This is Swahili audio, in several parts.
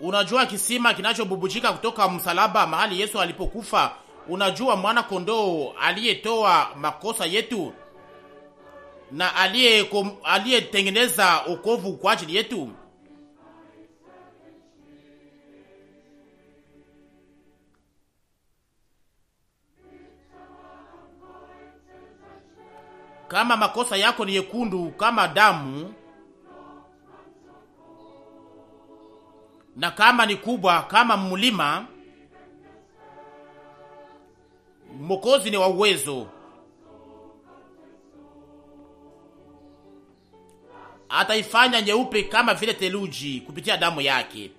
Unajua kisima kinachobubujika kutoka msalaba mahali Yesu alipokufa. Unajua mwana kondoo aliyetoa makosa yetu na aliyetengeneza okovu kwa ajili yetu. Kama makosa yako ni yekundu kama damu, na kama ni kubwa kama mlima, Mokozi ni wa uwezo, ataifanya nyeupe kama vile theluji kupitia damu yake.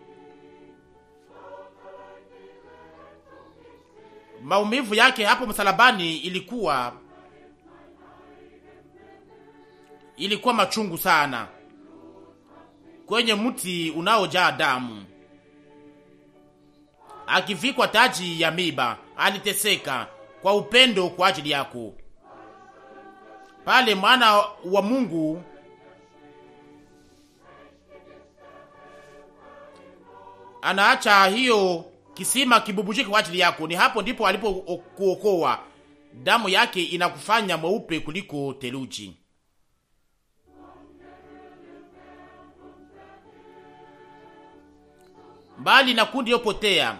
Maumivu yake hapo msalabani ilikuwa ilikuwa machungu sana, kwenye mti unaojaa damu akivikwa taji ya miba, aliteseka kwa upendo kwa ajili yako. Pale mwana wa Mungu anaacha hiyo kisima kibubujike kwa ajili yako, ni hapo ndipo alipokuokoa. Damu yake inakufanya mweupe kuliko teluji Mbali na kundi yopotea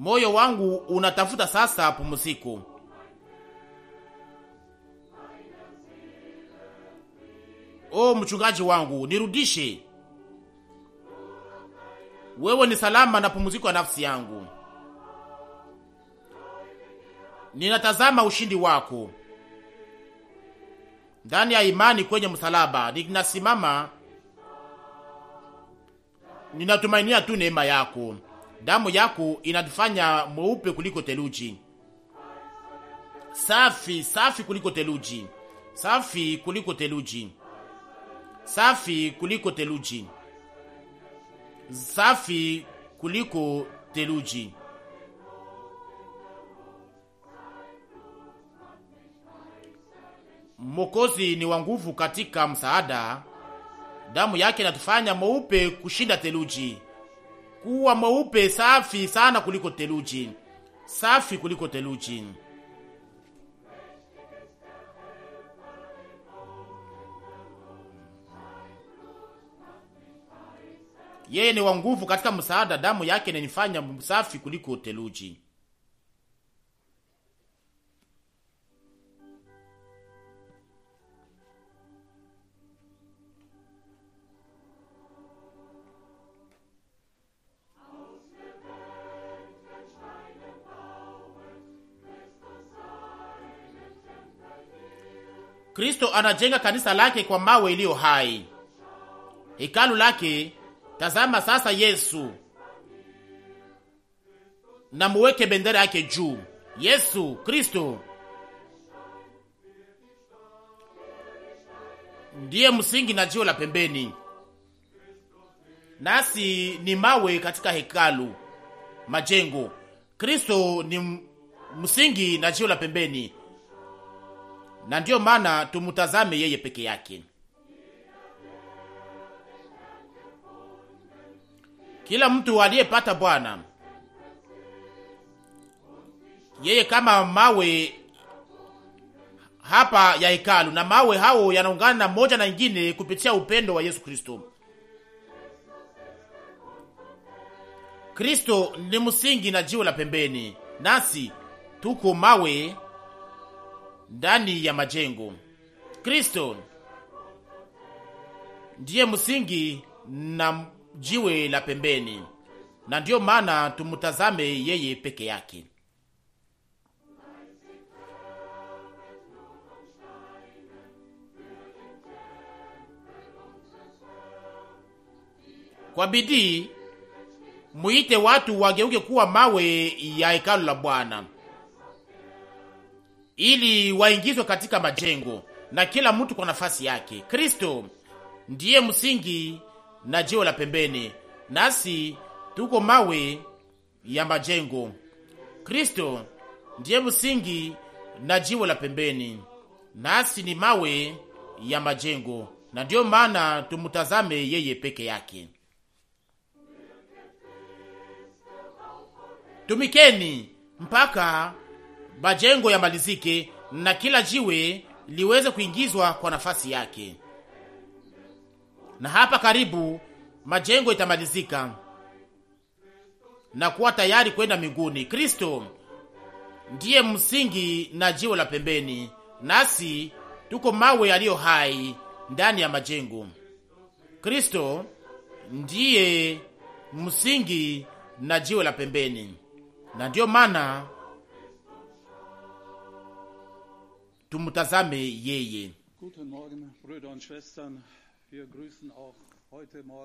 moyo wangu unatafuta sasa pumziko. O mchungaji wangu, nirudishe wewe, ni salama na pumziko ya nafsi yangu. Ninatazama ushindi wako ndani ya imani kwenye msalaba. Ninasimama, ninatumainia tu neema yako. Damu yako inatufanya mweupe kuliko teluji safi safi kuliko teluji, safi kuliko teluji, safi kuliko teluji safi kuliko teluji. Mokozi ni wa nguvu katika msaada. Damu yake inatufanya mweupe kushinda teluji kuwa mweupe safi sana kuliko teluji, safi kuliko teluji. Yeye ni wa nguvu katika msaada, damu yake inanifanya msafi kuliko teluji. Kristo anajenga kanisa lake kwa mawe iliyo hai, hekalu lake. Tazama sasa Yesu na muweke bendera yake juu. Yesu Kristo ndiye msingi na jiwe la pembeni, nasi ni mawe katika hekalu majengo. Kristo ni msingi na jiwe la pembeni, na ndiyo maana tumutazame yeye peke yake. Kila mtu aliyepata Bwana yeye kama mawe hapa ya hekalu, na mawe hao yanaungana moja na ingine kupitia upendo wa Yesu Kristo. Kristo ni msingi na jiwe la pembeni, nasi tuko mawe ndani ya majengo. Kristo ndiye msingi na jiwe la pembeni, na ndiyo maana tumutazame yeye peke yake. Kwa bidii muite watu wageuke kuwa mawe ya hekalu la Bwana, ili waingizwe katika majengo, na kila mtu kwa nafasi yake. Kristo ndiye msingi na jiwe la pembeni, nasi tuko mawe ya majengo. Kristo ndiye msingi na jiwe la pembeni, nasi ni mawe ya majengo, na ndiyo maana tumtazame yeye peke yake. Tumikeni mpaka majengo yamalizike na kila jiwe liweze kuingizwa kwa nafasi yake, na hapa karibu majengo itamalizika na kuwa tayari kwenda mbinguni. Kristo ndiye msingi na jiwe la pembeni, nasi tuko mawe yaliyo hai ndani ya majengo. Kristo ndiye msingi na jiwe la pembeni, na ndiyo maana tumtazame yeye.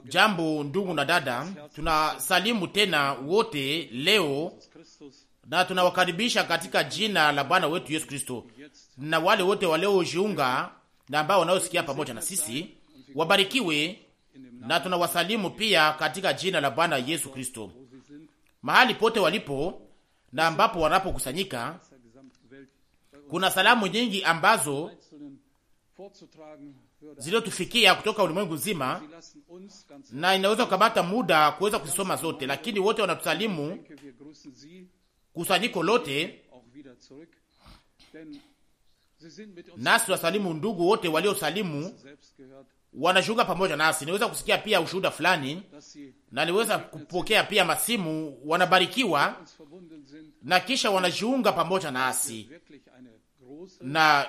Jambo ndugu na dada, tunasalimu tena wote leo na tunawakaribisha katika jina la Bwana wetu Yesu Kristo, na wale wote waliojiunga na ambao wanaosikia pamoja na sisi wabarikiwe, na tunawasalimu pia katika jina la Bwana Yesu Kristo mahali pote walipo na ambapo wanapokusanyika kuna salamu nyingi ambazo zilizotufikia kutoka ulimwengu mzima, na inaweza kukamata muda kuweza kuzisoma zote, lakini wote wanatusalimu kusanyiko lote, nasi wasalimu ndugu wote waliosalimu wanashughulika pamoja nasi. Niweza kusikia pia ushuhuda fulani na niweza kupokea pia masimu, wanabarikiwa na kisha wanajiunga pamoja nasi na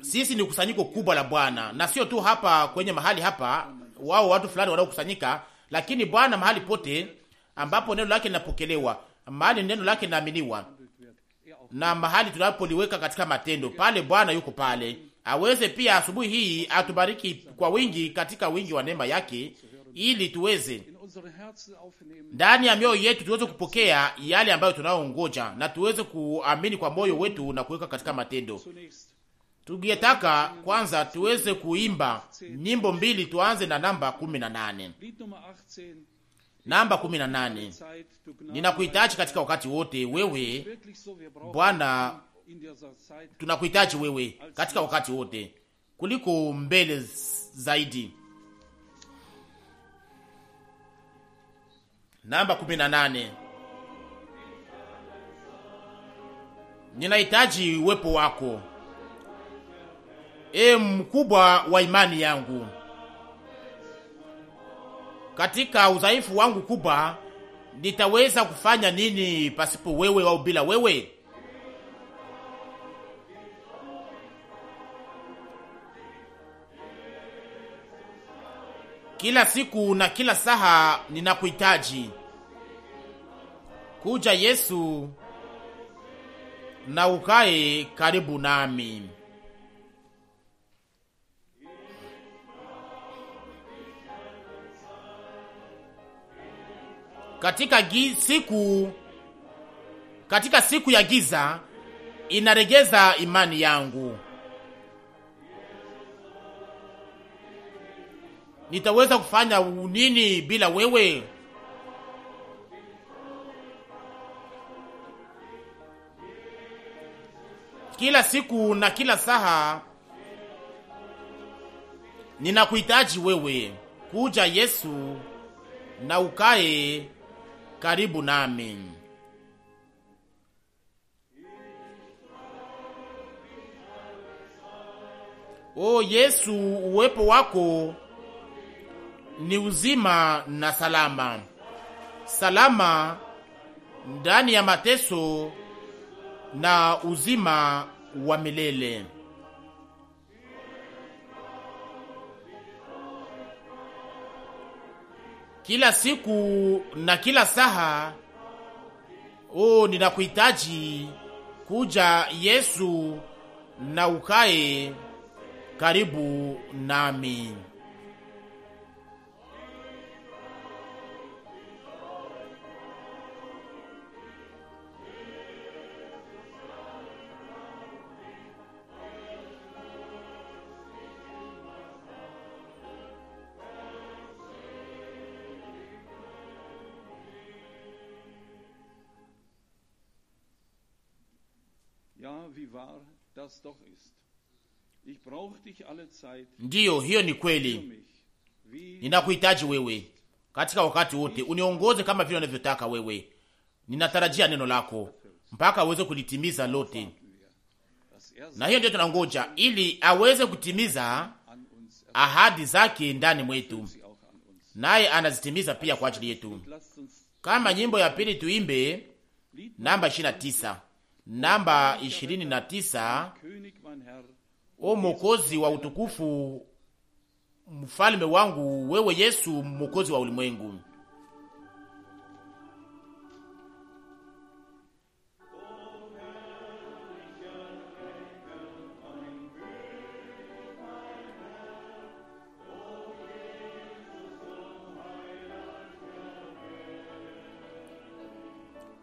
sisi ni kusanyiko kubwa la Bwana, na sio tu hapa kwenye mahali hapa wao watu fulani wanaokusanyika, lakini Bwana mahali pote ambapo neno lake linapokelewa, mahali neno lake linaaminiwa, na mahali tunapoliweka katika matendo, pale Bwana yuko pale. Aweze pia asubuhi hii atubariki kwa wingi katika wingi wa neema yake, ili tuweze ndani ya mioyo yetu tuweze kupokea yale ambayo tunayoongoja na tuweze kuamini kwa moyo wetu na kuweka katika matendo. Tungetaka kwanza tuweze kuimba nyimbo mbili, tuanze na namba kumi na nane. Namba kumi na nane: ninakuhitaji katika wakati wote wewe Bwana, tunakuhitaji wewe katika wakati wote kuliko mbele zaidi namba 18. Ninahitaji uwepo wako e mkubwa wa imani yangu. Katika udhaifu wangu kubwa, nitaweza kufanya nini pasipo wewe au bila wewe? Kila siku na kila saha ninakuhitaji kuja Yesu na ukae karibu nami. Katika siku katika siku ya giza inaregeza imani yangu, nitaweza kufanya nini bila wewe? kila siku na kila saha ninakuhitaji wewe, kuja Yesu na ukae karibu nami. O Yesu, uwepo wako ni uzima na salama, salama ndani ya mateso na uzima wa milele. Kila siku na kila saha, oh, ninakuhitaji kuja Yesu, na ukae karibu nami. Ndiyo, hiyo ni kweli. Ninakuhitaji wewe katika wakati wote, uniongoze kama vile unavyotaka wewe. Ninatarajia neno lako mpaka aweze kulitimiza lote, na hiyo ndio tunangoja, ili aweze kutimiza ahadi zake ndani mwetu, naye anazitimiza pia kwa ajili yetu. Kama nyimbo ya pili tuimbe namba 29 namba 29, O Mokozi wa utukufu, mfalme wangu, wewe Yesu, Mokozi wa ulimwengu.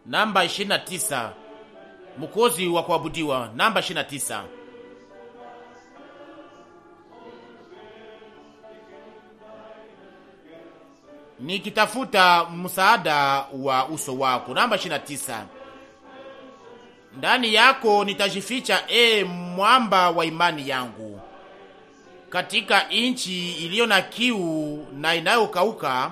Namba 29 mukozi wa kuabudiwa, namba 29. Nikitafuta msaada wa uso wako, namba 29. Ndani yako nitajificha, e mwamba wa imani yangu. Katika nchi iliyo na kiu na inayokauka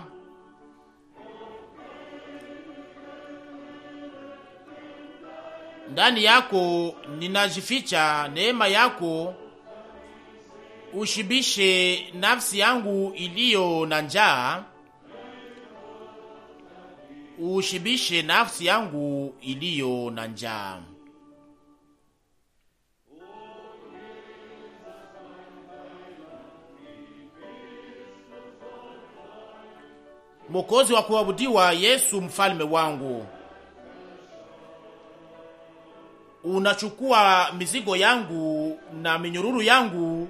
ndani yako ninajificha, neema yako ushibishe nafsi yangu iliyo na njaa, ushibishe nafsi yangu iliyo na njaa. Mokozi wa kuabudiwa Yesu, mfalme wangu unachukua mizigo yangu na minyururu yangu,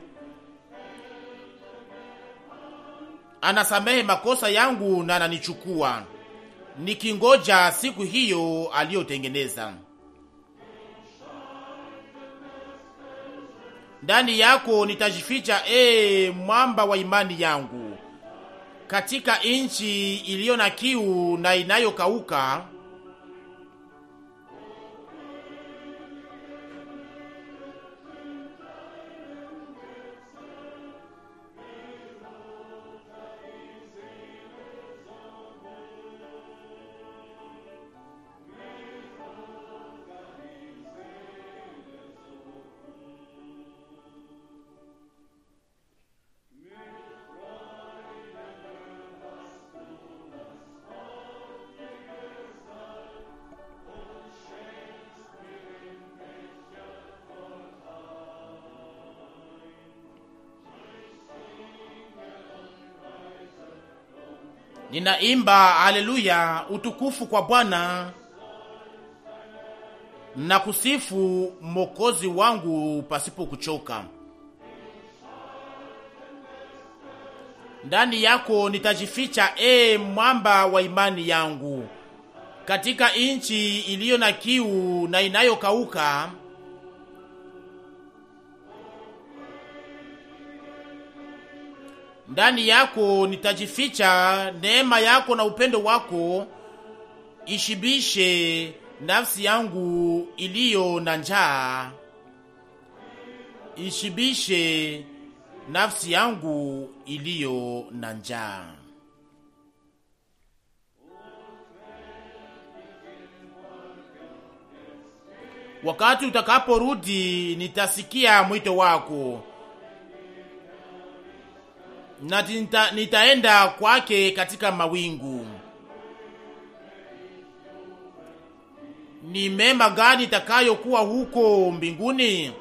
anasamehe makosa yangu na ananichukua, nikingoja siku hiyo aliyotengeneza. Ndani yako nitajificha, ee mwamba wa imani yangu, katika nchi iliyo na kiu na inayokauka Ninaimba haleluya, utukufu kwa Bwana na kusifu Mwokozi wangu pasipo kuchoka. Ndani yako nitajificha, e mwamba wa imani yangu, katika nchi iliyo na kiu na inayokauka ndani yako nitajificha, neema yako na upendo wako ishibishe nafsi yangu iliyo na njaa, ishibishe nafsi yangu iliyo na njaa. Wakati utakaporudi nitasikia mwito wako na nita, nitaenda kwake katika mawingu. Ni mema gani itakayokuwa huko mbinguni,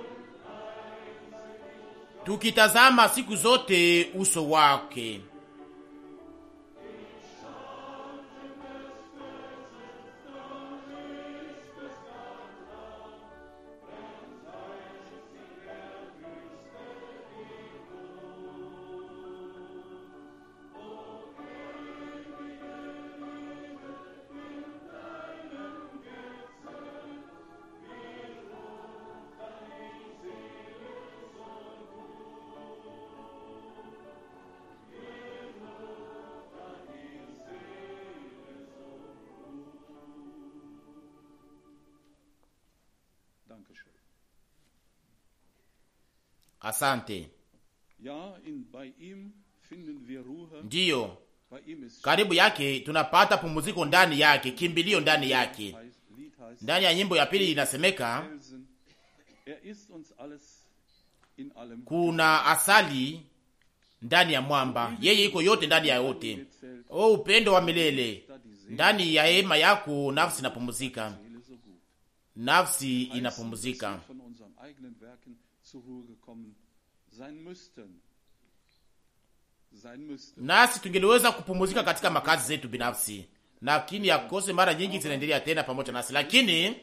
tukitazama siku zote uso wake. Asante. ndiyo, karibu yake tunapata pumuziko ndani yake, kimbilio ndani yake. Ndani ya nyimbo ya pili inasemeka er kuna asali ndani ya mwamba, yeye iko yote ndani ya yote. O upendo wa milele, ndani ya hema yako nafsi inapumuzika, nafsi inapumuzika zur Ruhe gekommen sein müssten. Sein müssten. Nasi tungeliweza kupumuzika katika makazi zetu binafsi, lakini yakose mara nyingi zinaendelea tena pamoja nasi, lakini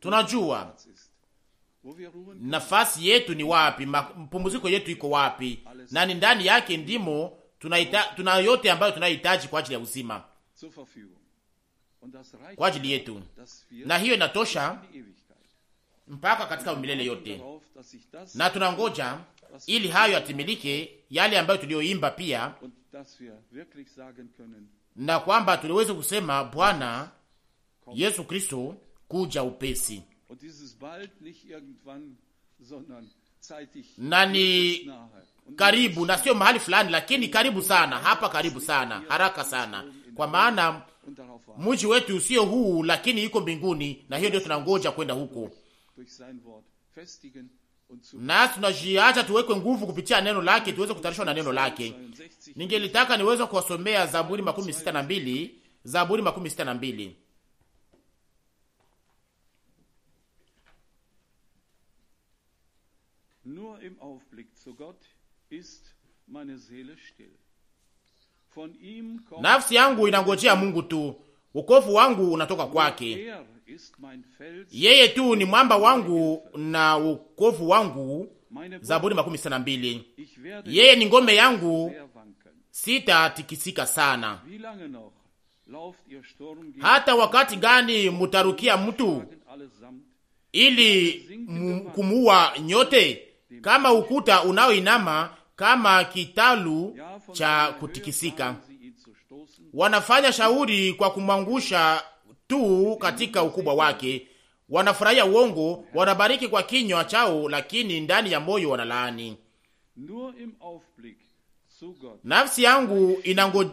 tunajua nafasi yetu ni wapi, mapumziko yetu iko wapi, na ni ndani yake ndimo tunaita, tuna yote ambayo tunahitaji kwa ajili ya uzima kwa ajili yetu, na hiyo inatosha mpaka katika milele yote, na tunangoja ili hayo yatimilike yale ambayo tuliyoimba pia, na kwamba tuliweze kusema Bwana Yesu Kristo kuja upesi, na ni karibu na sio mahali fulani, lakini karibu sana, hapa karibu sana, haraka sana, kwa maana mji wetu sio huu, lakini iko mbinguni, na hiyo ndio tunangoja kwenda huko nasi tunajiacha tuwekwe nguvu kupitia neno lake, tuweze kutarishwa na neno lake. Ningelitaka niweze kuwasomea Zaburi makumi sita na mbili Zaburi makumi sita na mbili Nur im Aufblick zu Gott ist meine Seele still. Von ihm kommt nafsi yangu inangojea Mungu tu, wokovu wangu unatoka kwake. Yeye tu ni mwamba wangu na wokovu wangu. Zaburi makumi sita na mbili. Yeye ni ngome yangu, sitatikisika sana. Hata wakati gani mutarukia mtu ili kumuua nyote? Kama ukuta unaoinama, kama kitalu cha kutikisika, wanafanya shauri kwa kumwangusha tu katika ukubwa wake. Wanafurahia uongo, wanabariki kwa kinywa chao, lakini ndani ya moyo wanalaani. Nafsi yangu inango,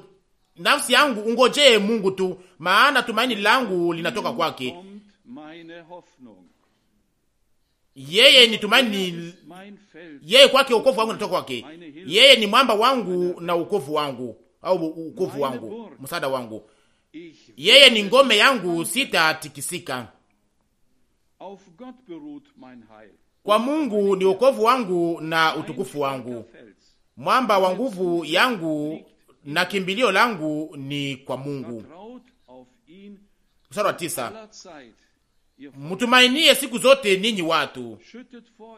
nafsi yangu ungojee Mungu tu, maana tumaini langu linatoka kwake. Yeye ni tumaini, yeye kwake ukovu wangu natoka kwake. Yeye ni mwamba wangu na ukovu wangu au ukovu wangu, msaada wangu. Yeye ni ngome yangu, sitatikisika. Kwa Mungu ni wokovu wangu na utukufu wangu, mwamba wa nguvu yangu na kimbilio langu ni kwa Mungu. Mstari wa tisa, mtumainie siku zote ninyi watu, oh,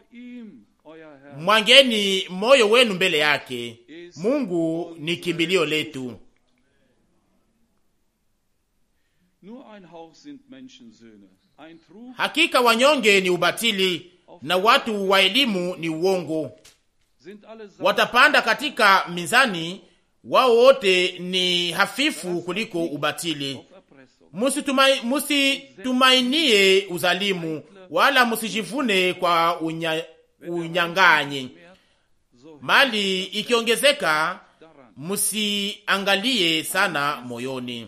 mwangeni moyo wenu mbele yake. Mungu ni kimbilio letu. Hakika wanyonge ni ubatili na watu wa elimu ni uongo. Watapanda katika mizani, wao wote ni hafifu kuliko ubatili. Musitumainie uzalimu wala musijivune kwa unya, unyang'anyi. Mali ikiongezeka, musiangalie sana moyoni.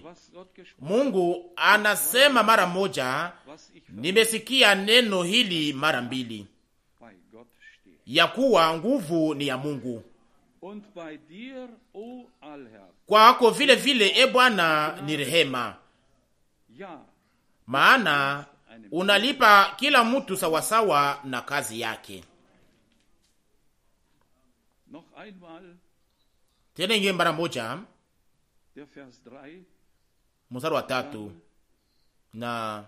Mungu anasema mara moja, nimesikia neno hili mara mbili, ya kuwa nguvu ni ya Mungu kwako vile vile. E Bwana, ni rehema, maana unalipa kila mtu sawasawa na kazi yake. Tena ingiwe mara moja mstari wa tatu na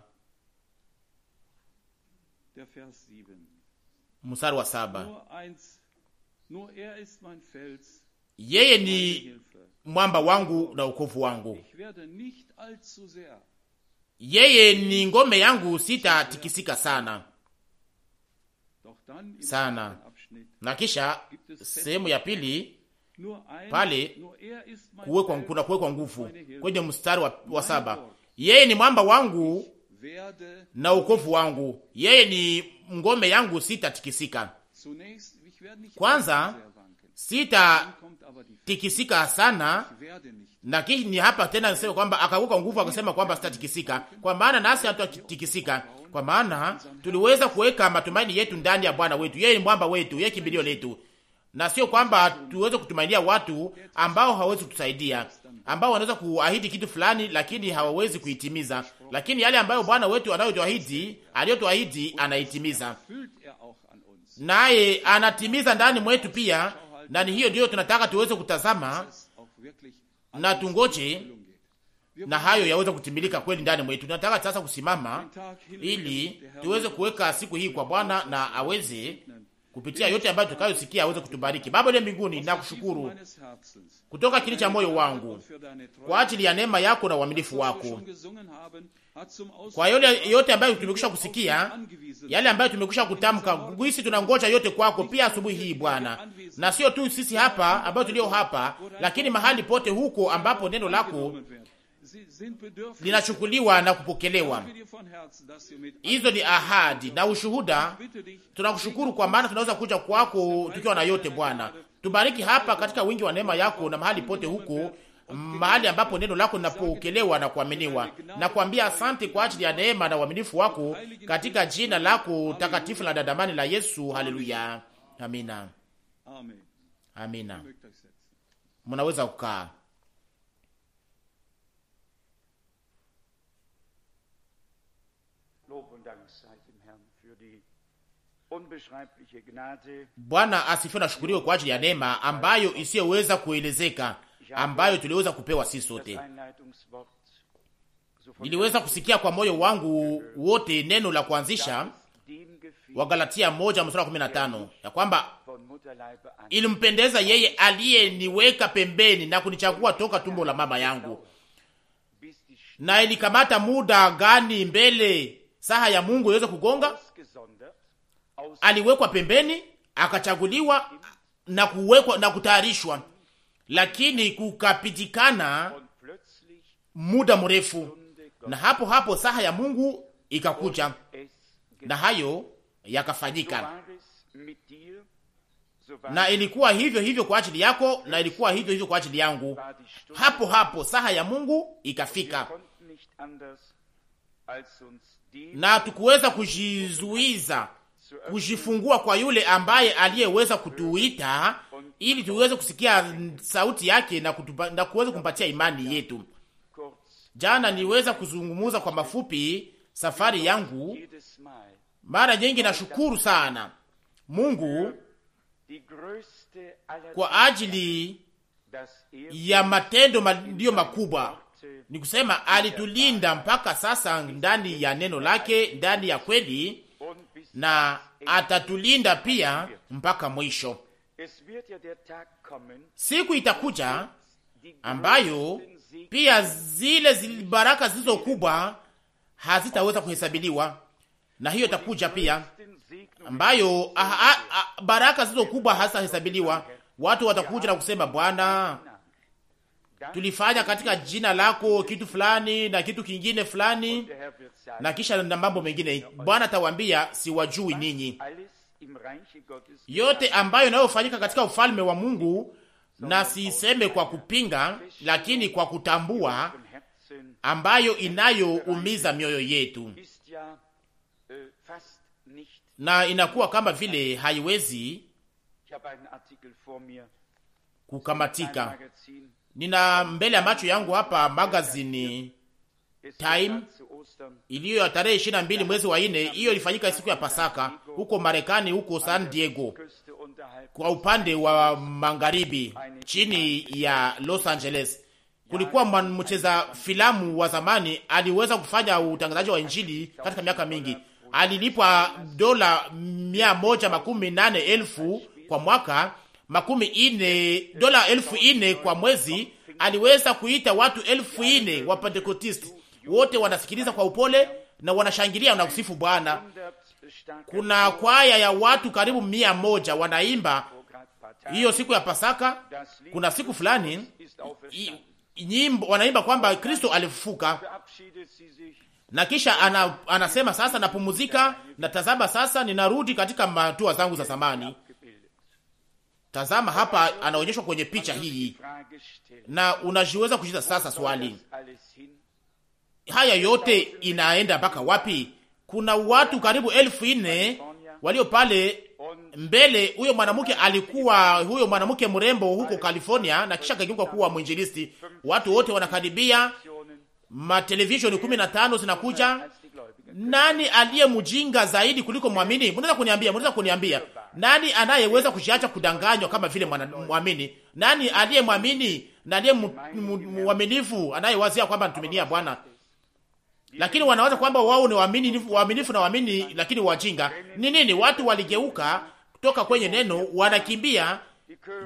mstari wa saba er yeye ni mwamba wangu na ukovu wangu, yeye ni ngome yangu, sitatikisika sana sana. Na kisha sehemu ya pili pale er kuwekwa, kuna kuwekwa nguvu kwenye mstari wa, wa saba. Yeye ni mwamba wangu na ukovu wangu, yeye ni ngome yangu, sitatikisika. Kwanza sitatikisika sana, lakini hapa tena nasema kwamba akaguka nguvu, akasema kwamba sitatikisika, kwa maana nasi hatutatikisika, kwa maana tuliweza kuweka matumaini yetu ndani ya Bwana wetu. Yeye ni mwamba wetu, yeye kimbilio letu, na sio kwamba tuweze kutumainia watu ambao hawawezi kutusaidia, ambao wanaweza kuahidi kitu fulani, lakini hawawezi kuitimiza. Lakini yale ambayo Bwana wetu anayotuahidi, aliyotuahidi, anaitimiza, naye anatimiza ndani mwetu pia, na ni hiyo ndiyo tunataka tuweze kutazama na tungoje, na hayo yaweza kutimilika kweli ndani mwetu. Tunataka sasa kusimama ili tuweze kuweka siku hii kwa Bwana na aweze kupitia yote ambayo tukayosikia aweze kutubariki. Baba uliye mbinguni, nakushukuru kutoka kili cha moyo wangu kwa ajili ya neema yako na uaminifu wako, kwa yale yote ambayo tumekwisha kusikia, yale ambayo tumekwisha kutamka. Gwisi tunangoja yote kwako pia asubuhi hii Bwana, na sio tu sisi hapa ambayo tulio hapa, lakini mahali pote huko ambapo neno lako linachukuliwa na kupokelewa. Hizo ni ahadi na ushuhuda. Tunakushukuru kwa maana tunaweza kuja kwako tukiwa na yote. Bwana, tubariki hapa katika wingi wa neema yako na mahali pote huko mahali ambapo neno lako linapokelewa na kuaminiwa, na kuambia asante kwa ajili ya neema na uaminifu wako katika jina lako takatifu la dadamani la Yesu. Haleluya, amina, amina. Mnaweza kukaa. Bwana asifiwe na shukuriwe kwa ajili ya neema ambayo isiyoweza kuelezeka ambayo tuliweza kupewa sisi sote. Niliweza kusikia kwa moyo wangu wote neno la kuanzisha wa Galatia 1:15 ya kwamba ilimpendeza yeye aliyeniweka pembeni na kunichagua toka tumbo la mama yangu. Na ilikamata muda gani mbele saha ya Mungu iweze kugonga? aliwekwa pembeni, akachaguliwa na kuwekwa na kutayarishwa, lakini kukapitikana muda mrefu, na hapo hapo saha ya Mungu ikakuja na hayo yakafanyika, na ilikuwa hivyo hivyo kwa ajili yako, na ilikuwa hivyo hivyo kwa ajili yangu. Hapo hapo saha ya Mungu ikafika, na tukuweza kujizuiza kujifungua kwa yule ambaye aliyeweza kutuita ili tuweze kusikia sauti yake na, kutupa, na kuweza kumpatia imani yetu. Jana niweza kuzungumuza kwa mafupi safari yangu. Mara nyingi nashukuru sana Mungu kwa ajili ya matendo ndiyo makubwa, ni kusema alitulinda mpaka sasa ndani ya neno lake, ndani ya kweli na atatulinda pia mpaka mwisho. Siku itakuja ambayo pia zile baraka zilizo kubwa hazitaweza kuhesabiliwa, na hiyo itakuja pia ambayo baraka zilizo kubwa hazitahesabiliwa. Watu watakuja na kusema Bwana tulifanya katika jina lako kitu fulani na kitu kingine fulani na kisha na mambo mengine. Bwana atawaambia siwajui ninyi. Yote ambayo inayofanyika katika ufalme wa Mungu, na siiseme kwa kupinga, lakini kwa kutambua ambayo inayoumiza mioyo yetu na inakuwa kama vile haiwezi kukamatika nina mbele ya macho yangu hapa magazini Time iliyo ya tarehe ishirini na mbili mwezi wa nne. Hiyo ilifanyika siku ya Pasaka huko Marekani, huko San Diego kwa upande wa magharibi chini ya Los Angeles. Kulikuwa mcheza filamu wa zamani aliweza kufanya utangazaji wa injili katika miaka mingi. Alilipwa dola mia moja makumi nane elfu kwa mwaka makumi ine dola elfu ine kwa mwezi, aliweza kuita watu elfu ine wa Pentekotisti, wote wanasikiliza kwa upole na wanashangilia na kusifu Bwana. Kuna kwaya ya watu karibu mia moja wanaimba hiyo siku ya Pasaka. Kuna siku fulani nyimbo wanaimba kwamba Kristo alifufuka, na kisha ana, anasema sasa napumuzika, natazama sasa ninarudi katika matua zangu za zamani. Tazama hapa anaonyeshwa kwenye picha hii, na unajiweza kujiza sasa swali, haya yote inaenda mpaka wapi? Kuna watu karibu elfu nne walio pale mbele. Huyo mwanamke alikuwa huyo mwanamke mrembo huko California, na kisha akageuka kuwa mwinjilisti. Watu wote wanakaribia, matelevisheni kumi na tano zinakuja. Nani aliye mjinga zaidi kuliko mwamini? Mnaweza kuniambia, mnaweza kuniambia nani anayeweza kujiacha kudanganywa kama vile mwamini? Nani aliye mwamini na aliye mwaminifu anayewazia kwamba anatuminia Bwana? Lakini wanawaza kwamba wao ni waamini waaminifu na waamini, lakini wajinga. Ni nini? Watu waligeuka kutoka kwenye neno, wanakimbia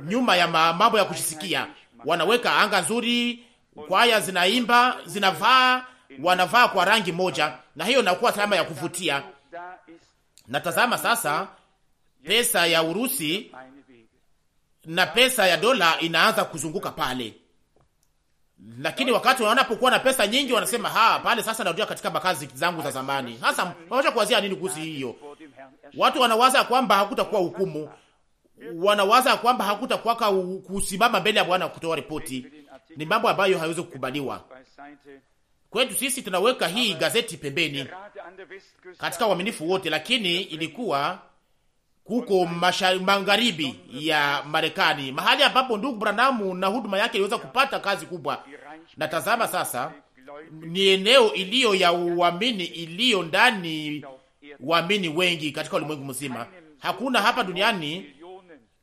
nyuma ya mambo ya kushisikia. Wanaweka anga nzuri, kwaya zinaimba, zinavaa, wanavaa kwa rangi moja, na hiyo inakuwa salama ya kuvutia. Natazama sasa pesa ya Urusi na pesa ya dola inaanza kuzunguka pale, lakini wakati wanapokuwa na pesa nyingi wanasema ha, pale sasa narudia katika makazi zangu za zamani. Sasa wacha kuwazia nini kuhusu hiyo? Watu wanawaza kwamba hakutakuwa hukumu, wanawaza kwamba hakutakuwaka kusimama mbele ya Bwana kutoa ripoti. Ni mambo ambayo haiwezi kukubaliwa kwetu. Sisi tunaweka hii gazeti pembeni katika uaminifu wote, lakini ilikuwa huko magharibi ya Marekani, mahali ambapo ndugu Branamu na huduma yake iliweza kupata kazi kubwa. Na tazama sasa, ni eneo iliyo ya uamini iliyo ndani waamini wengi katika ulimwengu mzima. Hakuna hapa duniani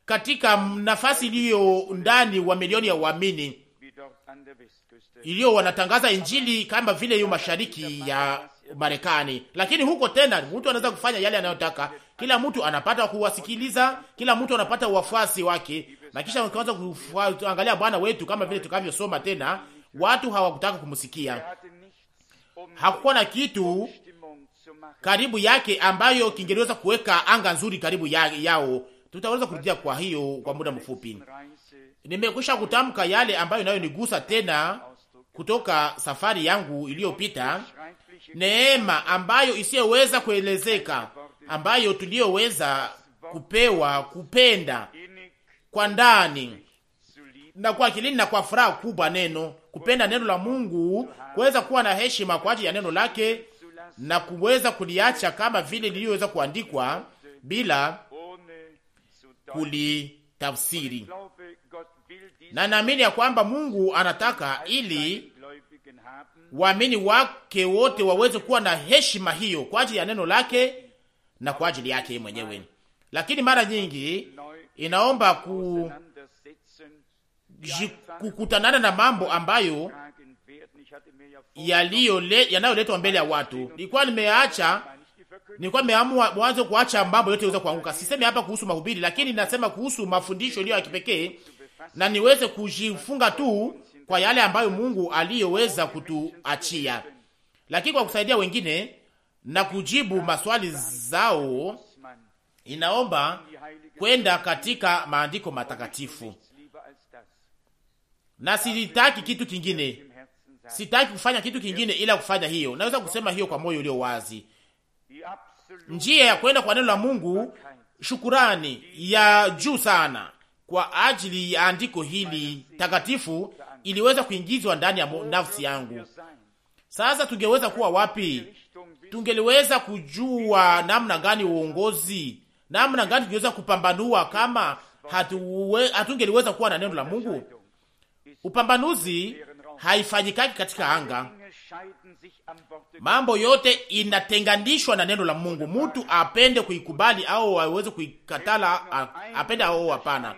katika nafasi iliyo ndani wa milioni ya waamini iliyo wanatangaza Injili kama vile hiyo mashariki ya Marekani, lakini huko tena mtu anaweza kufanya yale anayotaka. Kila mtu anapata kuwasikiliza, kila mtu anapata wafuasi wake, na kisha ukianza kuangalia Bwana wetu kama vile tukavyosoma tena, watu hawakutaka kumsikia. Hakukuwa na kitu karibu yake ambayo kingeliweza kuweka anga nzuri karibu ya, yao. Tutaweza kurudia kwa hiyo kwa muda mfupi. Nimekwisha kutamka yale ambayo nayo nigusa tena kutoka safari yangu iliyopita neema ambayo isiyoweza kuelezeka, ambayo tuliyoweza kupewa kupenda kwa ndani na kwa akilini na kwa furaha kubwa, neno kupenda neno la Mungu, kuweza kuwa na heshima kwa ajili ya neno lake na kuweza kuliacha kama vile liliyoweza kuandikwa bila kulitafsiri. Na naamini ya kwamba Mungu anataka ili waamini wake wote waweze kuwa na heshima hiyo kwa ajili ya neno lake na kwa ajili yake yeye mwenyewe. Lakini mara nyingi inaomba ku kukutanana na mambo ambayo yanayoletwa mbele ya watu. Nilikuwa nimeacha, nilikuwa nimeamua mwanzo kuacha mambo yote iweze kuanguka. Sisemi hapa kuhusu mahubiri, lakini nasema kuhusu mafundisho iliyo ya kipekee, na niweze kujifunga tu kwa yale ambayo Mungu aliyoweza kutuachia, lakini kwa kusaidia wengine na kujibu maswali zao inaomba kwenda katika maandiko matakatifu. Na sitaki kitu kingine, sitaki kufanya kitu kingine ila kufanya hiyo. Naweza kusema hiyo kwa moyo ulio wazi. Njia ya kwenda kwa neno la Mungu, shukurani ya juu sana kwa ajili ya andiko hili takatifu iliweza kuingizwa ndani ya nafsi yangu. Sasa tungeweza kuwa wapi? Tungeliweza kujua namna gani uongozi, namna gani tungeweza kupambanua kama hatungeliweza kuwa na neno la Mungu? Upambanuzi haifanyikaki katika anga, mambo yote inatenganishwa na neno la Mungu. Mtu apende kuikubali au aweze kuikatala, apende au hapana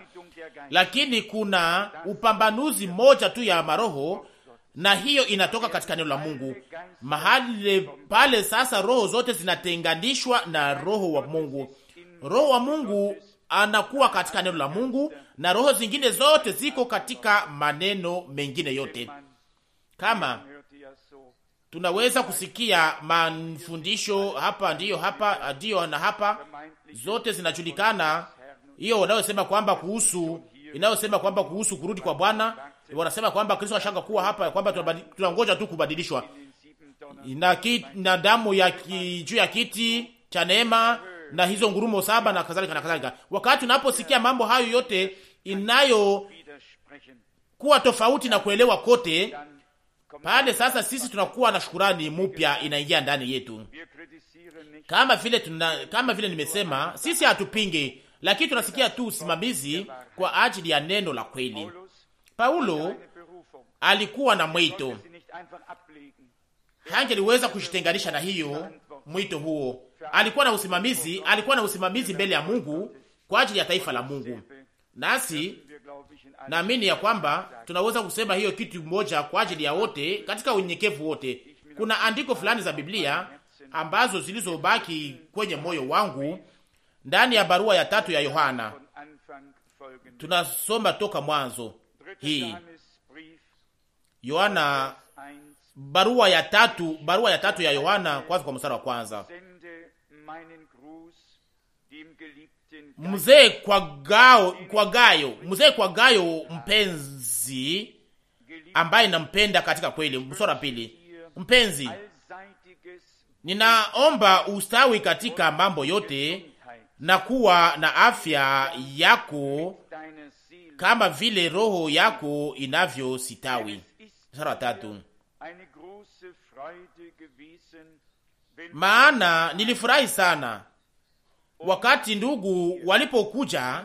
lakini kuna upambanuzi moja tu ya maroho, na hiyo inatoka katika neno la Mungu. Mahali pale sasa roho zote zinatenganishwa na roho wa Mungu. Roho wa Mungu anakuwa katika neno la Mungu na roho zingine zote ziko katika maneno mengine yote. Kama tunaweza kusikia mafundisho hapa, ndiyo hapa, ndiyo na hapa, zote zinajulikana hiyo wanayosema kwamba kuhusu inayosema kwamba kuhusu kurudi kwa Bwana, wanasema kwamba Kristo ashanga kuwa hapa, kwamba tunangoja tu kubadilishwa na, ki, na damu ya ki, juu ya kiti cha neema na hizo ngurumo saba na kadhalika na kadhalika. Wakati unaposikia mambo hayo yote inayo kuwa tofauti na kuelewa kote pale, sasa sisi tunakuwa na shukurani mpya inaingia ndani yetu, kama vile tuna, kama vile nimesema, sisi hatupingi lakini tunasikia tu usimamizi kwa ajili ya neno la kweli. Paulo alikuwa na mwito, hangeliweza kujitenganisha na hiyo mwito huo. Alikuwa na usimamizi, alikuwa na usimamizi mbele ya Mungu kwa ajili ya taifa la Mungu. Nasi naamini ya kwamba tunaweza kusema hiyo kitu moja kwa ajili ya wote, katika unyenyekevu wote. Kuna andiko fulani za Biblia ambazo zilizobaki kwenye moyo wangu ndani ya barua ya tatu ya Yohana tunasoma toka mwanzo hii Yohana, barua ya tatu, barua ya tatu ya Yohana kwanza kwa mstari wa kwanza mzee kwa gao, kwa Gayo, mzee kwa Gayo mpenzi ambaye nampenda katika kweli. Mstari wa pili, mpenzi ninaomba ustawi katika mambo yote na kuwa na afya yako kama vile roho yako inavyositawi. Sura tatu. Maana nilifurahi sana wakati ndugu walipokuja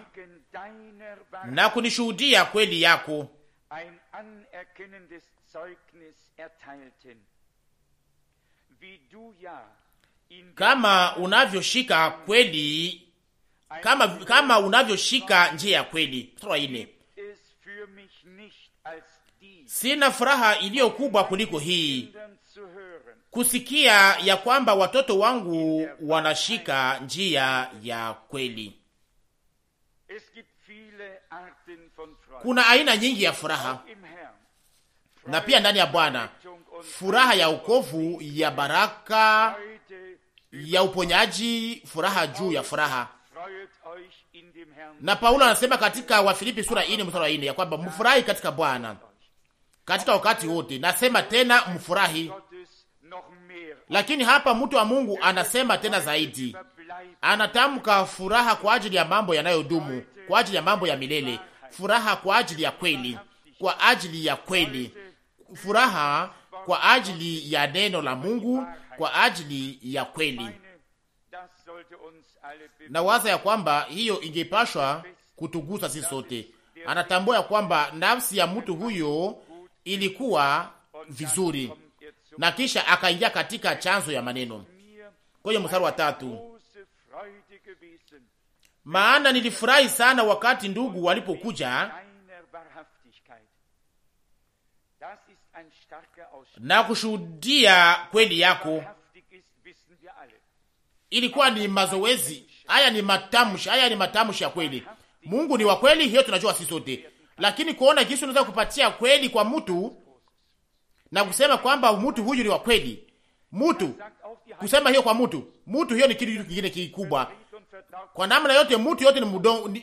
na kunishuhudia kweli yako kama unavyoshika kweli, kama kama unavyoshika njia ya kweli. Ile sina furaha iliyo kubwa kuliko hii, kusikia ya kwamba watoto wangu wanashika njia ya kweli. Kuna aina nyingi ya furaha na pia ndani ya Bwana furaha ya ukovu, ya baraka ya uponyaji, furaha juu ya furaha. Na Paulo anasema katika Wafilipi sura ine mstari wa ya kwamba mfurahi katika Bwana katika wakati wote, nasema tena mfurahi. Lakini hapa mtu wa Mungu anasema tena zaidi, anatamka furaha kwa ajili ya mambo yanayodumu, kwa ajili ya mambo ya milele, furaha kwa ajili ya kweli, kwa ajili ya kweli, furaha kwa ajili ya neno la Mungu, kwa ajili ya kweli, na waza ya kwamba hiyo ingepashwa kutugusa sisi sote. Anatambua ya kwamba nafsi ya mtu huyo ilikuwa vizuri, na kisha akaingia katika chanzo ya maneno kwenye mstari wa tatu, maana nilifurahi sana wakati ndugu walipokuja na kushuhudia kweli yako. Ilikuwa ni mazoezi haya, ni matamshi haya, ni matamshi ya kweli. Mungu ni wa kweli, hiyo tunajua sisi sote, lakini kuona jinsi unaweza kupatia kweli kwa mtu na kusema kwamba mtu huyu ni wa kweli, mtu kusema hiyo kwa mtu mtu, hiyo ni kitu kingine kikubwa kwa namna yote. Mtu yote ni mdongo,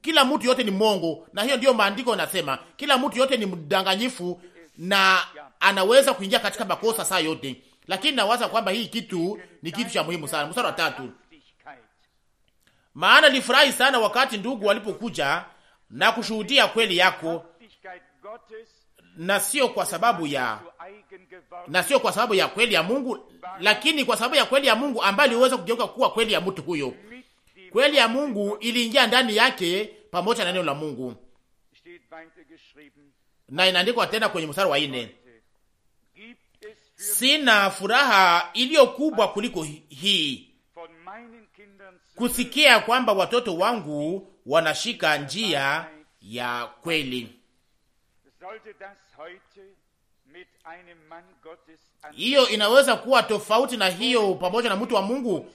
kila mtu yote ni mwongo, na hiyo ndiyo maandiko yanasema, kila mtu yote ni mdanganyifu na anaweza kuingia katika makosa saa yote, lakini nawaza kwamba hii kitu ni kitu cha muhimu sana. Mstari wa tatu, maana nilifurahi sana wakati ndugu walipokuja na kushuhudia kweli yako, na sio kwa sababu ya na sio kwa sababu ya kweli ya Mungu, lakini kwa sababu ya kweli ya Mungu ambayo iliweza kugeuka kuwa kweli ya mtu huyo. Kweli ya Mungu iliingia ndani yake pamoja na neno la Mungu na inaandikwa tena kwenye mstari wa nne, sina furaha iliyo kubwa kuliko hii kusikia kwamba watoto wangu wanashika njia ya kweli. Hiyo inaweza kuwa tofauti na hiyo pamoja na mtu wa Mungu.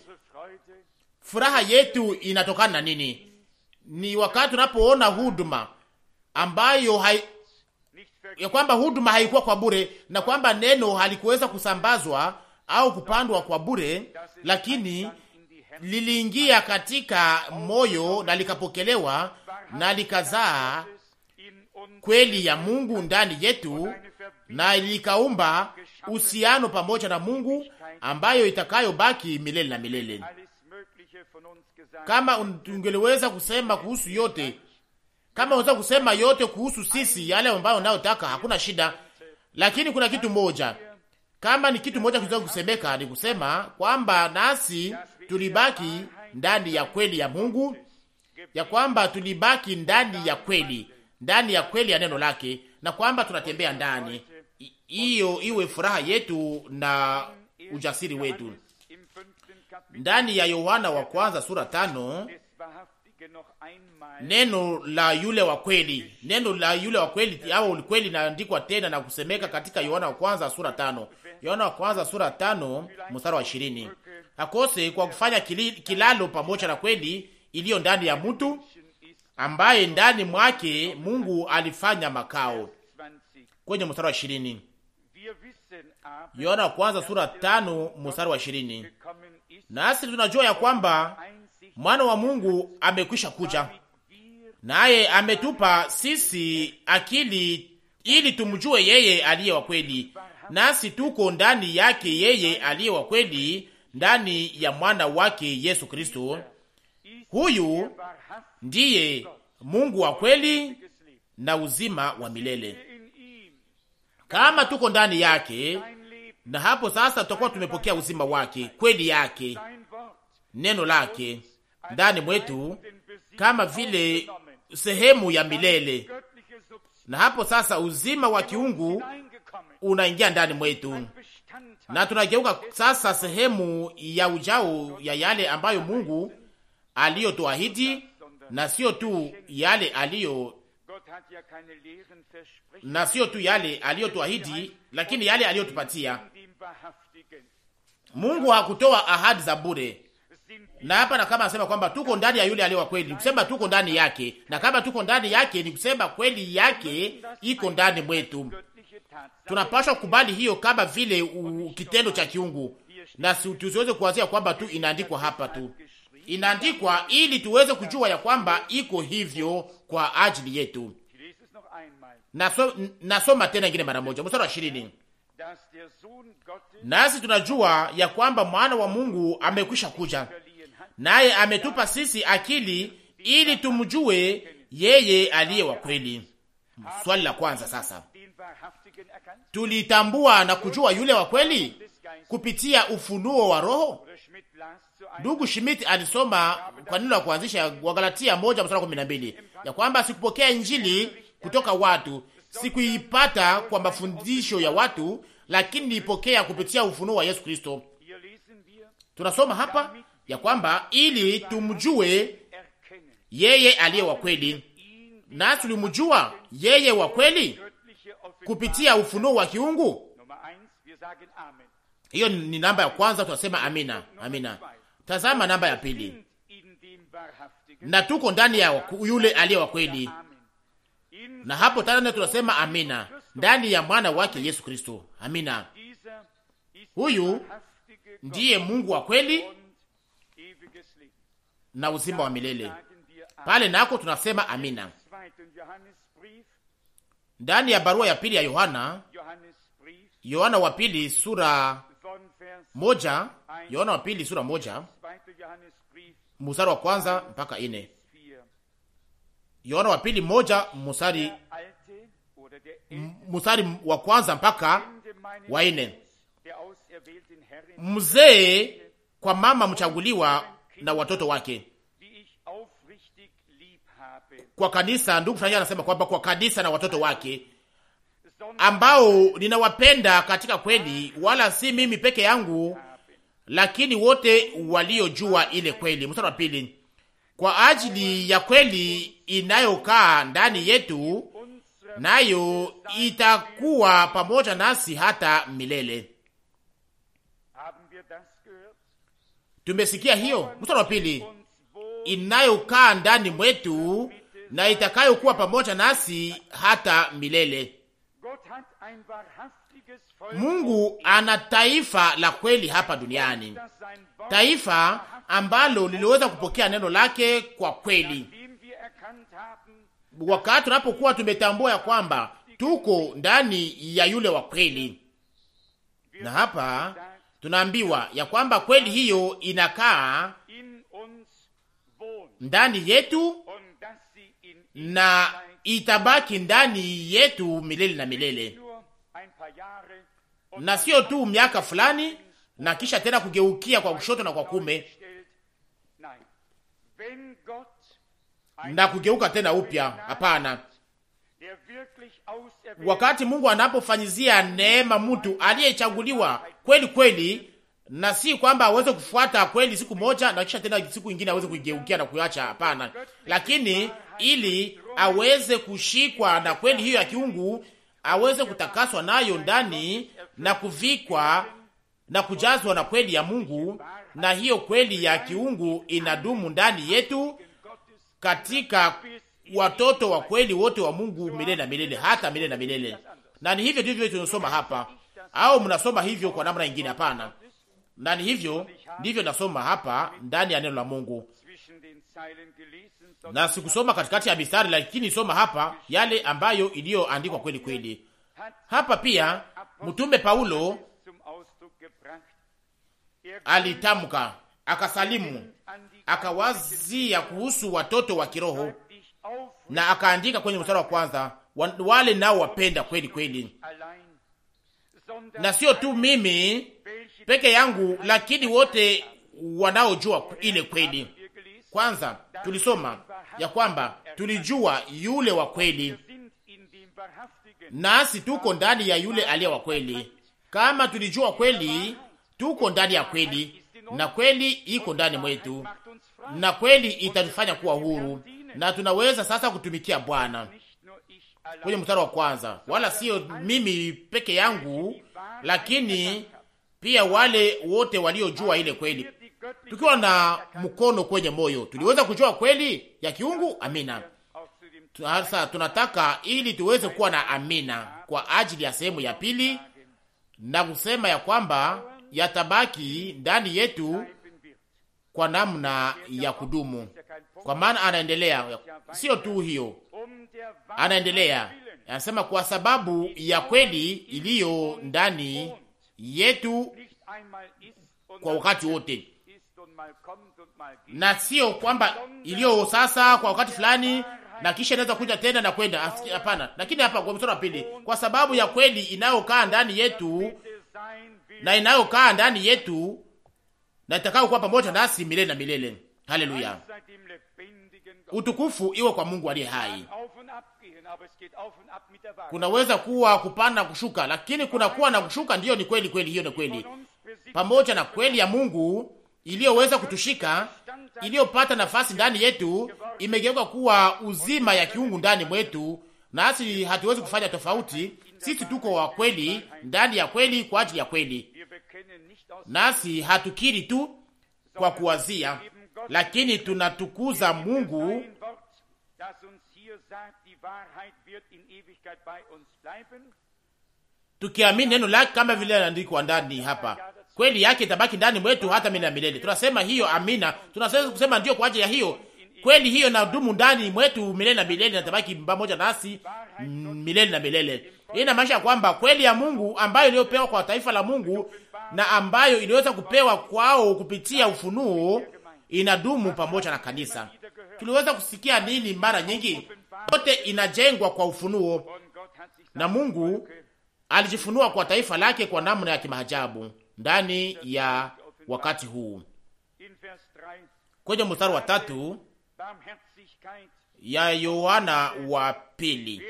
Furaha yetu inatokana na nini? Ni wakati tunapoona huduma ambayo hai ya kwamba huduma haikuwa kwa bure na kwamba neno halikuweza kusambazwa au kupandwa kwa bure, lakini liliingia katika moyo na likapokelewa na likazaa kweli ya Mungu ndani yetu na likaumba uhusiano pamoja na Mungu ambayo itakayobaki milele na milele. Kama tungeliweza kusema kuhusu yote kama unaweza kusema yote kuhusu sisi yale ambayo unayotaka, hakuna shida, lakini kuna kitu moja, kama ni kitu moja kinaweza kusemeka, ni kusema kwamba nasi tulibaki ndani ya kweli ya Mungu, ya kwamba tulibaki ndani ya kweli, ndani ya kweli ya neno lake, na kwamba tunatembea ndani hiyo, iwe furaha yetu na ujasiri wetu. Ndani ya Yohana wa kwanza sura tano neno la yule wa kweli, neno la yule wa kweli au ulikweli inaandikwa tena na kusemeka katika Yohana wa kwanza sura tano, Yohana wa kwanza sura tano mstari wa ishirini akose kwa kufanya kili, kilalo pamoja na kweli iliyo ndani ya mtu ambaye ndani mwake Mungu alifanya makao, kwenye mstari wa ishirini Yohana wa kwanza sura tano mstari wa ishirini. Nasi tunajua ya kwamba mwana wa Mungu amekwisha kuja, naye ametupa sisi akili ili tumjue yeye aliye wa kweli, nasi tuko ndani yake yeye aliye wa kweli, ndani ya mwana wake Yesu Kristo. Huyu ndiye Mungu wa kweli na uzima wa milele. Kama tuko ndani yake, na hapo sasa tutakuwa tumepokea uzima wake, kweli yake, neno lake ndani mwetu kama vile sehemu ya milele, na hapo sasa uzima wa kiungu unaingia ndani mwetu na tunageuka sasa sehemu ya ujao ya yale ambayo Mungu aliyotuahidi, na sio tu yale aliyo na sio tu yale aliyotuahidi, lakini yale aliyotupatia. Mungu hakutoa ahadi za bure, na hapa na kama nasema kwamba tuko ndani ya yule aliye wa kweli, nikusema tuko ndani yake, na kama tuko ndani yake, ni kusema kweli yake iko ndani mwetu. Tunapaswa kukubali hiyo kama vile kitendo cha kiungu, na si tusiweze kuanzia kwamba tu inaandikwa hapa tu, inaandikwa ili tuweze kujua ya kwamba iko hivyo kwa ajili yetu. Nasoma tena ingine mara moja, mstari wa ishirini nasi tunajua ya kwamba mwana wa Mungu amekwisha kuja, naye ametupa sisi akili ili tumjue yeye aliye wa kweli. Swali la kwanza sasa, tulitambua na kujua yule wa kweli kupitia ufunuo wa Roho? Ndugu Schmidt alisoma kwa neno la kuanzisha Wagalatia moja mstari wa kumi na mbili ya kwamba sikupokea injili kutoka watu Sikuipata kwa mafundisho ya watu, lakini nilipokea kupitia ufunuo wa Yesu Kristo. Tunasoma hapa ya kwamba ili tumjue yeye aliye wa kweli, na tulimjua yeye wa kweli kupitia ufunuo wa kiungu. Hiyo ni namba ya kwanza, tunasema amina, amina. Tazama namba ya pili, na tuko ndani ya yule aliye wa kweli na hapo tena tunasema amina, ndani ya mwana wake Yesu Kristo. Amina. Huyu ndiye Mungu wa kweli na uzima wa milele. Pale nako tunasema amina. Ndani ya barua ya pili ya Yohana, Yohana wa pili sura moja, Yohana wa pili sura moja mstari wa kwanza mpaka ine. Yohana wa pili moja musari musari wa kwanza mpaka wa nne. Mzee kwa mama mchaguliwa na watoto wake kwa kanisa. Ndugu Frania anasema kwamba kwa kanisa na watoto wake ambao ninawapenda katika kweli, wala si mimi peke yangu, lakini wote waliojua ile kweli. Mstari wa pili kwa ajili ya kweli inayokaa ndani yetu, nayo itakuwa pamoja nasi hata milele. Tumesikia hiyo. Mstari wa pili, inayokaa ndani mwetu na itakayokuwa pamoja nasi hata milele. Mungu ana taifa la kweli hapa duniani, taifa ambalo liliweza kupokea neno lake kwa kweli. Wakati tunapokuwa tumetambua ya kwamba tuko ndani ya yule wa kweli, na hapa tunaambiwa ya kwamba kweli hiyo inakaa ndani yetu na itabaki ndani yetu milele na milele, na sio tu miaka fulani na kisha tena kugeukia kwa kushoto na kwa kume, na kugeuka tena upya. Hapana, wakati Mungu anapofanyizia neema mtu aliyechaguliwa kweli kweli, na si kwamba aweze kufuata kweli siku moja na kisha tena siku nyingine aweze kuigeukia na kuacha. Hapana, lakini ili aweze kushikwa na kweli hiyo ya kiungu, aweze kutakaswa nayo ndani na kuvikwa na kujazwa na kweli ya Mungu, na hiyo kweli ya kiungu inadumu ndani yetu katika watoto wa kweli wote wa Mungu milele na milele, hata milele na milele. Na ni hivyo ndivyo tunasoma hapa, au mnasoma hivyo kwa namna nyingine? Hapana, na ni hivyo ndivyo nasoma hapa ndani ya neno la Mungu, na sikusoma katikati ya mistari, lakini soma hapa yale ambayo iliyoandikwa kweli kweli. Hapa pia mtume Paulo alitamka akasalimu akawazia kuhusu watoto wa kiroho, na akaandika kwenye mstari wa kwanza, wale nao wapenda kweli kweli, na sio tu mimi peke yangu, lakini wote wanaojua ile kweli. Kwanza tulisoma ya kwamba tulijua yule wa kweli, nasi tuko ndani ya yule aliye wa kweli. Kama tulijua kweli, tuko ndani ya kweli na kweli iko ndani mwetu na kweli itatufanya kuwa huru, na tunaweza sasa kutumikia Bwana kwenye mstari wa kwanza, wala sio mimi peke yangu, lakini pia wale wote waliojua ile kweli. Tukiwa na mkono kwenye moyo, tuliweza kujua kweli ya kiungu. Amina. Sasa tunataka ili tuweze kuwa na amina kwa ajili ya sehemu ya pili, na kusema ya kwamba yatabaki ndani yetu kwa namna ya kudumu, kwa maana anaendelea, sio tu hiyo, anaendelea anasema, kwa sababu ya kweli iliyo ndani yetu kwa wakati wote, na sio kwamba iliyo sasa kwa wakati fulani na kisha inaweza kuja tena na kwenda. Hapana, lakini hapa kwa mstari wa pili, kwa sababu ya kweli inayokaa ndani yetu na inayokaa ndani yetu na itakao kuwa pamoja nasi milele na milele. Haleluya, utukufu iwe kwa Mungu aliye hai. Kunaweza kuwa kupanda kushuka, lakini kuwa na kushuka. Ndiyo, ni kweli kweli, hiyo ni kweli, pamoja na kweli ya Mungu iliyoweza kutushika, iliyopata nafasi ndani yetu, imegeuka kuwa uzima ya kiungu ndani mwetu, nasi hatuwezi kufanya tofauti. Sisi tuko wa kweli ndani ya kweli kwa ajili ya kweli nasi hatukiri tu kwa kuwazia, lakini tunatukuza Mungu tukiamini neno lake kama vile inaandikwa ndani hapa, kweli yake itabaki ndani mwetu hata milele na milele. Tunasema hiyo amina, tunaweza kusema ndio kwa ajili ya hiyo kweli hiyo, na dumu ndani mwetu milele na milele, na tabaki pamoja nasi milele na milele. Hii inamaanisha kwamba kweli ya Mungu ambayo iliyopewa kwa taifa la Mungu na ambayo iliweza kupewa kwao kupitia ufunuo inadumu pamoja na kanisa. Tuliweza kusikia nini mara nyingi? Yote inajengwa kwa ufunuo, na Mungu alijifunua kwa taifa lake kwa namna ya kimaajabu ndani ya wakati huu. Kwenye mstari wa tatu ya Yohana wa pili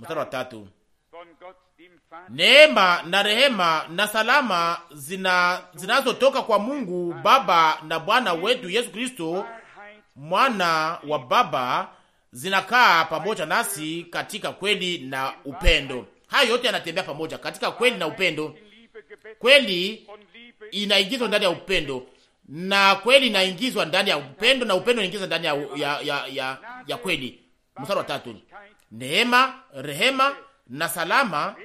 mstari wa tatu. Neema na rehema na salama zina zinazotoka kwa Mungu Baba na Bwana wetu Yesu Kristo mwana wa Baba zinakaa pamoja nasi katika kweli na upendo. Hayo yote yanatembea pamoja katika kweli na upendo. Kweli inaingizwa ndani ya upendo na kweli inaingizwa ndani ya upendo na upendo inaingizwa ndani ya, ya, ya, ya, ya kweli. Mstari wa tatu neema, rehema na salama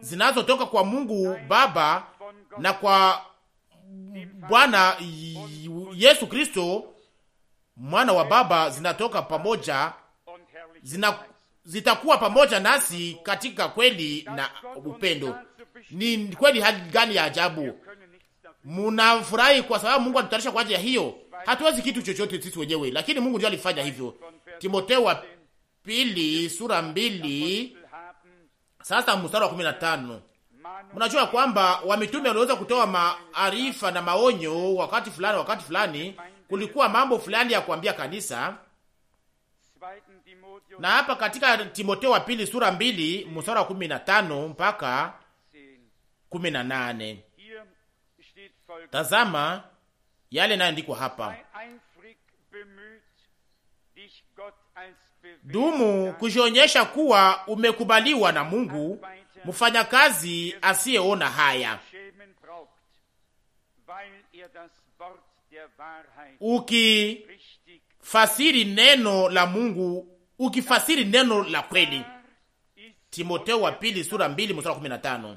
zinazotoka kwa Mungu Baba na kwa Bwana Yesu Kristo mwana wa Baba zinatoka pamoja, zina, zitakuwa pamoja nasi katika kweli na upendo. Ni kweli hali gani ya ajabu! Munafurahi kwa sababu Mungu alitutarisha kwa ajili ya hiyo. Hatuwezi kitu chochote sisi wenyewe, lakini Mungu ndiye alifanya hivyo. Timoteo wa pili sura mbili sasa mstari wa kumi na tano. Mnajua kwamba wamitume waliweza kutoa maarifa na maonyo wakati fulani, wakati fulani kulikuwa mambo fulani ya kuambia kanisa. Na hapa katika Timoteo wa pili sura mbili mstari wa kumi na tano mpaka kumi na nane tazama yale nayoandikwa hapa dumu kujionyesha kuwa umekubaliwa na Mungu, mfanyakazi asiyeona haya, ukifasiri neno la Mungu, ukifasiri neno la kweli. Timoteo wa pili sura mbili mstari kumi na tano.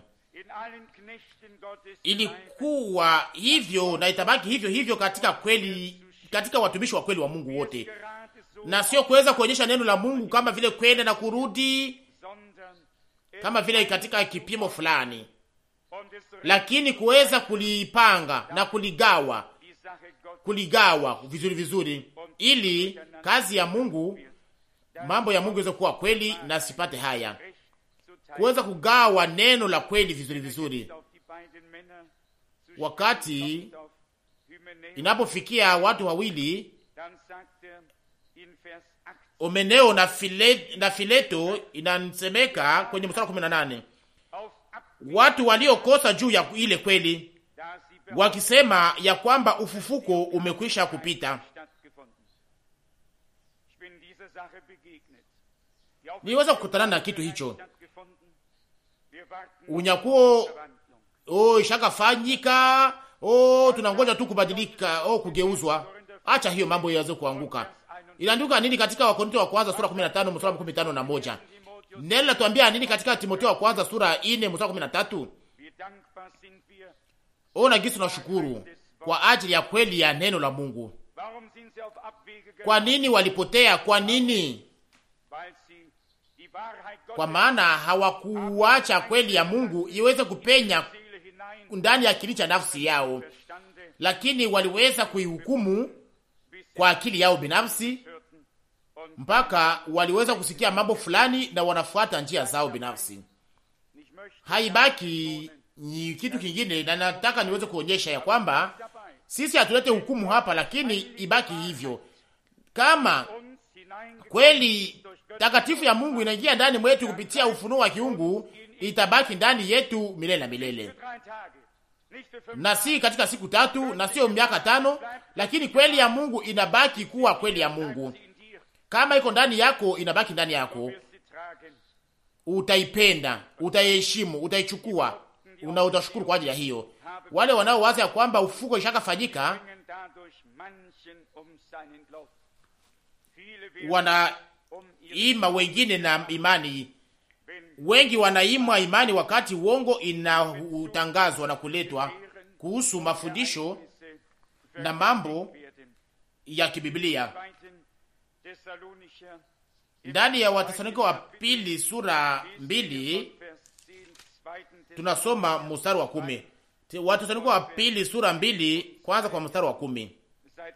Ilikuwa hivyo na itabaki hivyo hivyo katika kweli, katika watumishi wa kweli wa Mungu wote na sio kuweza kuonyesha neno la Mungu kama vile kwenda na kurudi, kama vile katika kipimo fulani, lakini kuweza kulipanga na kuligawa, kuligawa vizuri vizuri, ili kazi ya Mungu, mambo ya Mungu iweze kuwa kweli na sipate haya, kuweza kugawa neno la kweli vizuri vizuri wakati inapofikia watu wawili Omeneo na, file, na Fileto inamsemeka kwenye mstari wa 18, watu waliokosa juu ya ile kweli wakisema ya kwamba ufufuko umekwisha kupita. Niweza kukutana na kitu hicho, unyakuo oh, ishakafanyika. Oh, tunangoja tu kubadilika, oh, kugeuzwa. Acha hiyo mambo yaweze kuanguka. Inaandikwa nini katika Wakorintho wa kwanza sura 15 mstari wa 15 na moja? Neno linatuambia nini katika Timotheo wa kwanza sura 4 mstari wa 13? Ona gisi shukuru kwa ajili ya kweli ya neno la Mungu. Kwa nini walipotea? Kwa nini? Kwa maana hawakuacha kweli ya Mungu iweze kupenya ndani ya kili cha nafsi yao, lakini waliweza kuihukumu kwa akili yao binafsi mpaka waliweza kusikia mambo fulani na wanafuata njia zao binafsi. Haibaki ni kitu kingine, na nataka niweze kuonyesha ya kwamba sisi hatulete hukumu hapa, lakini ibaki hivyo. Kama kweli takatifu ya Mungu inaingia ndani mwetu kupitia ufunuo wa kiungu, itabaki ndani yetu milele na milele na si katika siku tatu na sio miaka tano, lakini kweli ya Mungu inabaki kuwa kweli ya Mungu. Kama iko ndani yako, inabaki ndani yako, utaipenda, utaiheshimu, utaichukua na utashukuru kwa ajili ya hiyo. Wale wanaowaza ya kwamba ufuko ishakafanyika um wanaima um wengine na imani Wengi wanaimwa imani wakati uongo inautangazwa na kuletwa kuhusu mafundisho na mambo ya kibiblia. Ndani ya Wathesalonike wa pili sura mbili tunasoma mstari wa kumi. Wathesalonike wa pili sura mbili kwanza kwa mstari wa kumi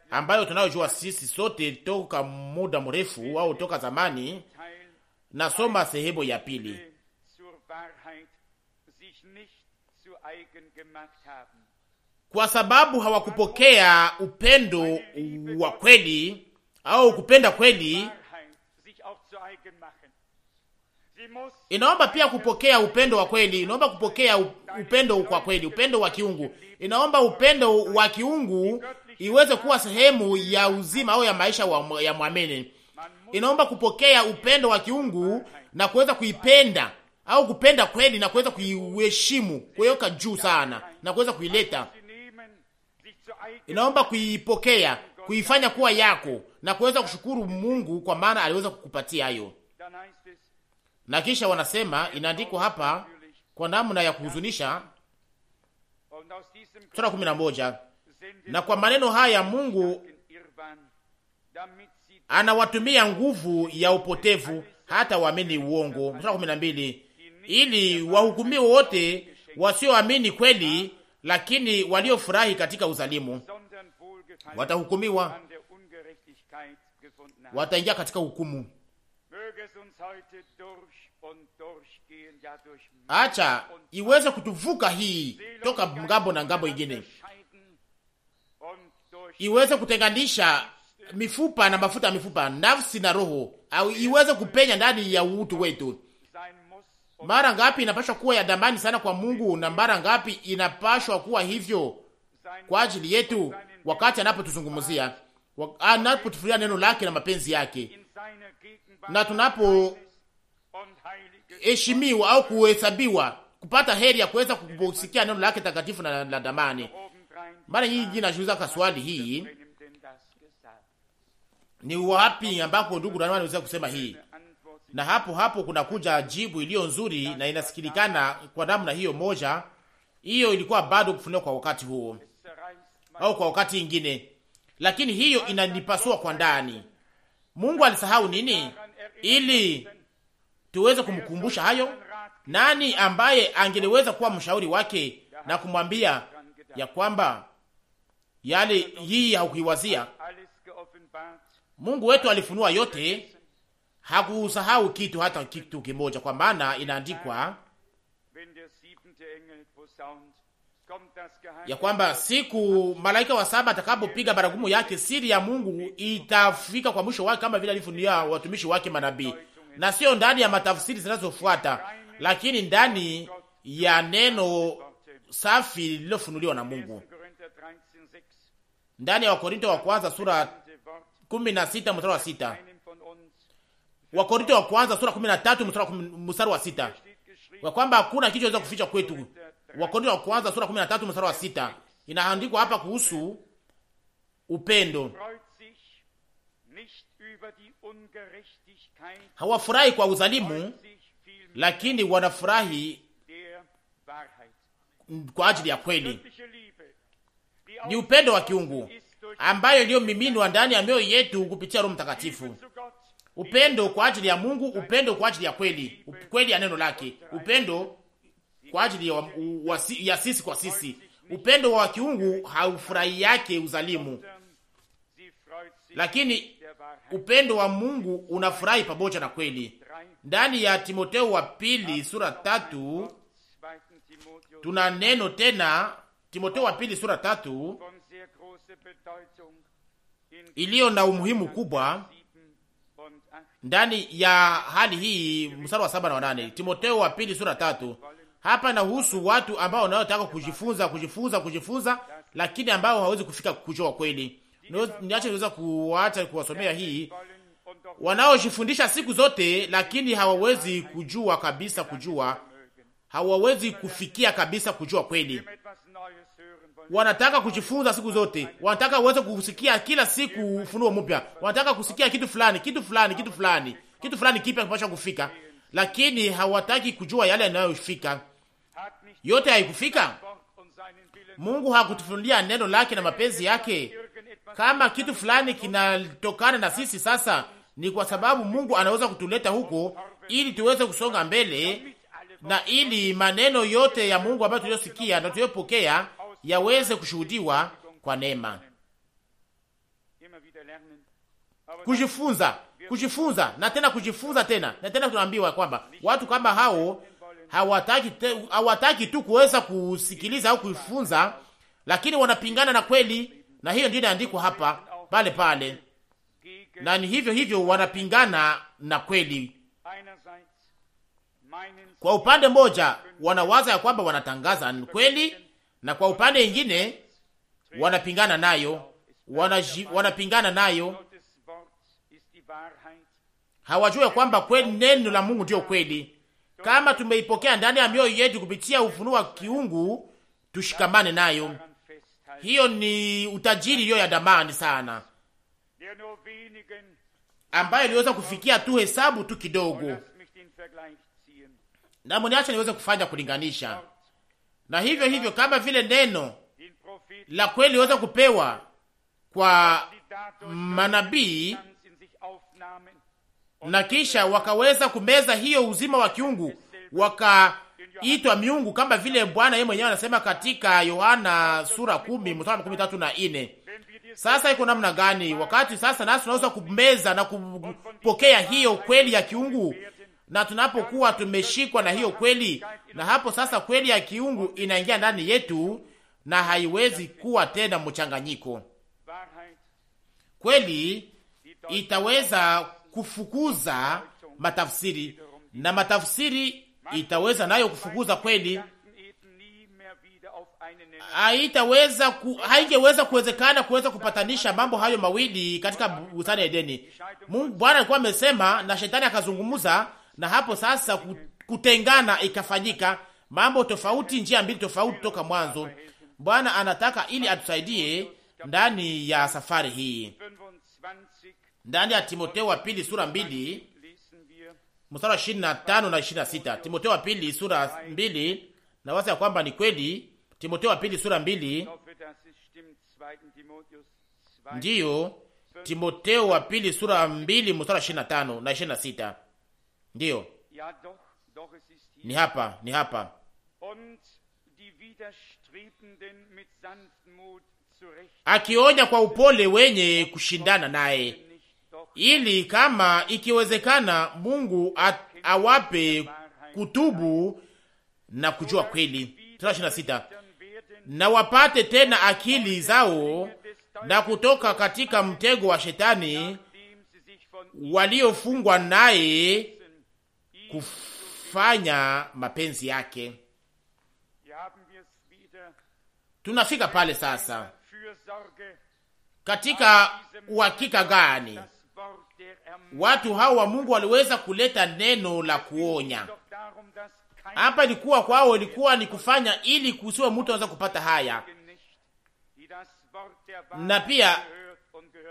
ambayo tunayojua sisi sote toka muda mrefu au toka zamani Nasoma sehemu ya pili. Kwa sababu hawakupokea upendo wa kweli au kupenda kweli, inaomba pia kupokea upendo wa kweli, inaomba kupokea upendo kwa kweli, upendo wa kiungu, inaomba upendo wa kiungu iweze kuwa sehemu ya uzima au ya maisha ya mwamini inaomba kupokea upendo wa kiungu na kuweza kuipenda au kupenda kweli na kuweza kuiheshimu, kuweka juu sana na kuweza kuileta. Inaomba kuipokea, kuifanya kuwa yako na kuweza kushukuru Mungu kwa maana aliweza kukupatia hayo. Na kisha wanasema, inaandikwa hapa kwa namna ya kuhuzunisha, sura kumi na moja, na kwa maneno haya Mungu anawatumia nguvu ya upotevu hata waamini uongo. Mstari kumi na mbili, ili wahukumiwe wote wasioamini kweli, lakini waliofurahi katika uzalimu watahukumiwa, wataingia katika hukumu. Acha iweze kutuvuka hii toka ngambo na ngambo ingine, iweze kutenganisha mifupa na mafuta ya mifupa, nafsi na roho, au iweze kupenya ndani ya utu wetu. Mara ngapi inapashwa kuwa ya dhamani sana kwa Mungu, na mara ngapi inapashwa kuwa hivyo kwa ajili yetu, wakati anapotuzungumzia, anapotufuria neno lake na mapenzi yake, na tunapo heshimiwa au kuhesabiwa kupata heri ya kuweza kusikia neno lake takatifu na la dhamani. Mara nyingi najiuliza kwa swali hii ni wapi ambako ndugu Branham anaweza kusema hii? Na hapo hapo kuna kuja jibu iliyo nzuri na inasikilikana kwa namna hiyo moja. Hiyo ilikuwa bado kufunua kwa wakati huo au kwa wakati ingine, lakini hiyo inanipasua kwa ndani. Mungu alisahau nini ili tuweze kumkumbusha hayo? Nani ambaye angeliweza kuwa mshauri wake na kumwambia ya kwamba yale hii haukuiwazia? Mungu wetu alifunua yote, hakusahau kitu, hata kitu kimoja, kwa maana inaandikwa ya kwamba siku malaika wa saba atakapopiga baragumu yake, siri ya Mungu itafika kwa mwisho wake, kama vile alifunulia watumishi wake manabii, na sio ndani ya matafsiri zinazofuata, lakini ndani ya neno safi lililofunuliwa na Mungu ndani ya Wakorinto wa kwanza sura kumi na sita mstari wa sita. Wakorinto wa kwanza sura kumi na tatu mstari wa sita, kwa kwamba hakuna kichoweza kuficha kwetu. Wakorinto wa kwanza sura kumi na tatu mstari wa sita, inaandikwa hapa kuhusu upendo. Hawafurahi kwa uzalimu, lakini wanafurahi kwa ajili ya kweli. Ni upendo wa kiungu ambayo iliyomiminwa ndani ya mioyo yetu kupitia Roho Mtakatifu. Upendo kwa ajili ya Mungu, upendo kwa ajili ya kweli, kweli ya neno lake, upendo kwa ajili ya, wa, wa, ya sisi kwa sisi. Upendo wa kiungu haufurahi yake uzalimu, lakini upendo wa Mungu unafurahi pamoja na kweli. Ndani ya Timotheo wa pili sura tatu tuna neno tena, Timotheo wa pili sura tatu iliyo na umuhimu kubwa ndani ya hali hii, mstari wa saba na wanane Timotheo wa pili sura tatu. Hapa nahusu watu ambao wanaotaka kujifunza kujifunza kujifunza, lakini ambao hawezi kufika kujua kweli. Niache niweza kuwacha kuwasomea hii, wanaojifundisha siku zote, lakini hawawezi kujua kabisa, kujua hawawezi kufikia kabisa kujua kweli wanataka kujifunza siku zote, wanataka uweze kusikia kila siku ufunuo mpya, wanataka kusikia kitu fulani, kitu fulani, kitu fulani, kitu fulani kipya kipasha kufika, lakini hawataki kujua yale yanayofika. Yote haikufika. Mungu hakutufunulia neno lake na mapenzi yake. Kama kitu fulani kinatokana na sisi sasa, ni kwa sababu Mungu anaweza kutuleta huko ili tuweze kusonga mbele na ili maneno yote ya Mungu ambayo tuliyosikia na tuliyopokea yaweze kushuhudiwa kwa neema. Kujifunza, kujifunza na tena kujifunza tena na tena. Tunaambiwa kwamba watu kama hao hawataki hawataki tu kuweza kusikiliza au kuifunza, lakini wanapingana na kweli, na hiyo ndio inaandikwa hapa pale pale, na ni hivyo hivyo wanapingana na kweli. Kwa upande mmoja wanawaza ya kwamba wanatangaza kweli na kwa upande ingine wanapingana nayo, wanapingana nayo, hawajua ya kwamba kweli neno la Mungu ndiyo kweli. Kama tumeipokea ndani ya mioyo yetu kupitia ufunuo wa kiungu, tushikamane nayo. Hiyo ni utajiri iliyo ya damani sana, ambayo iliweza kufikia tu hesabu tu kidogo. Na mniache niweze kufanya kulinganisha na hivyo hivyo, kama vile neno la kweli liweza kupewa kwa manabii na kisha wakaweza kumeza hiyo uzima wa kiungu, wakaitwa miungu, kama vile Bwana yeye mwenyewe anasema katika Yohana sura kumi mstari makumi tatu na ine. Sasa iko namna gani wakati sasa nasi tunaweza kumeza na kupokea hiyo kweli ya kiungu na tunapokuwa tumeshikwa na hiyo kweli, na hapo sasa kweli ya kiungu inaingia ndani yetu na haiwezi kuwa tena mchanganyiko. Kweli itaweza kufukuza matafsiri na matafsiri itaweza nayo kufukuza kweli. Haitaweza ku, haingeweza kuwezekana kuweza kupatanisha mambo hayo mawili katika bustani ya Edeni. Bwana alikuwa amesema na shetani akazungumza, na hapo sasa kutengana ikafanyika, mambo tofauti, njia mbili tofauti toka mwanzo. Bwana anataka ili atusaidie ndani ya safari hii. Ndani ya timoteo wa pili sura mbili mstari wa ishirini na tano na ishirini na sita Timoteo wa pili sura mbili na wasa ya kwamba ni kweli. timoteo wa pili sura mbili ndiyo timoteo wa pili sura mbili mstari wa ishirini na tano na ishirini na sita Ndiyo, ni hapa, ni hapa. Akionya kwa upole wenye kushindana naye, ili kama ikiwezekana Mungu awape kutubu na kujua kweli. Na wapate tena akili zao na kutoka katika mtego wa shetani waliofungwa naye kufanya mapenzi yake. Tunafika pale sasa, katika uhakika gani watu hao wa Mungu waliweza kuleta neno la kuonya hapa? Ilikuwa kwao, ilikuwa ni kufanya ili kusiwa mtu anaweza kupata haya, na pia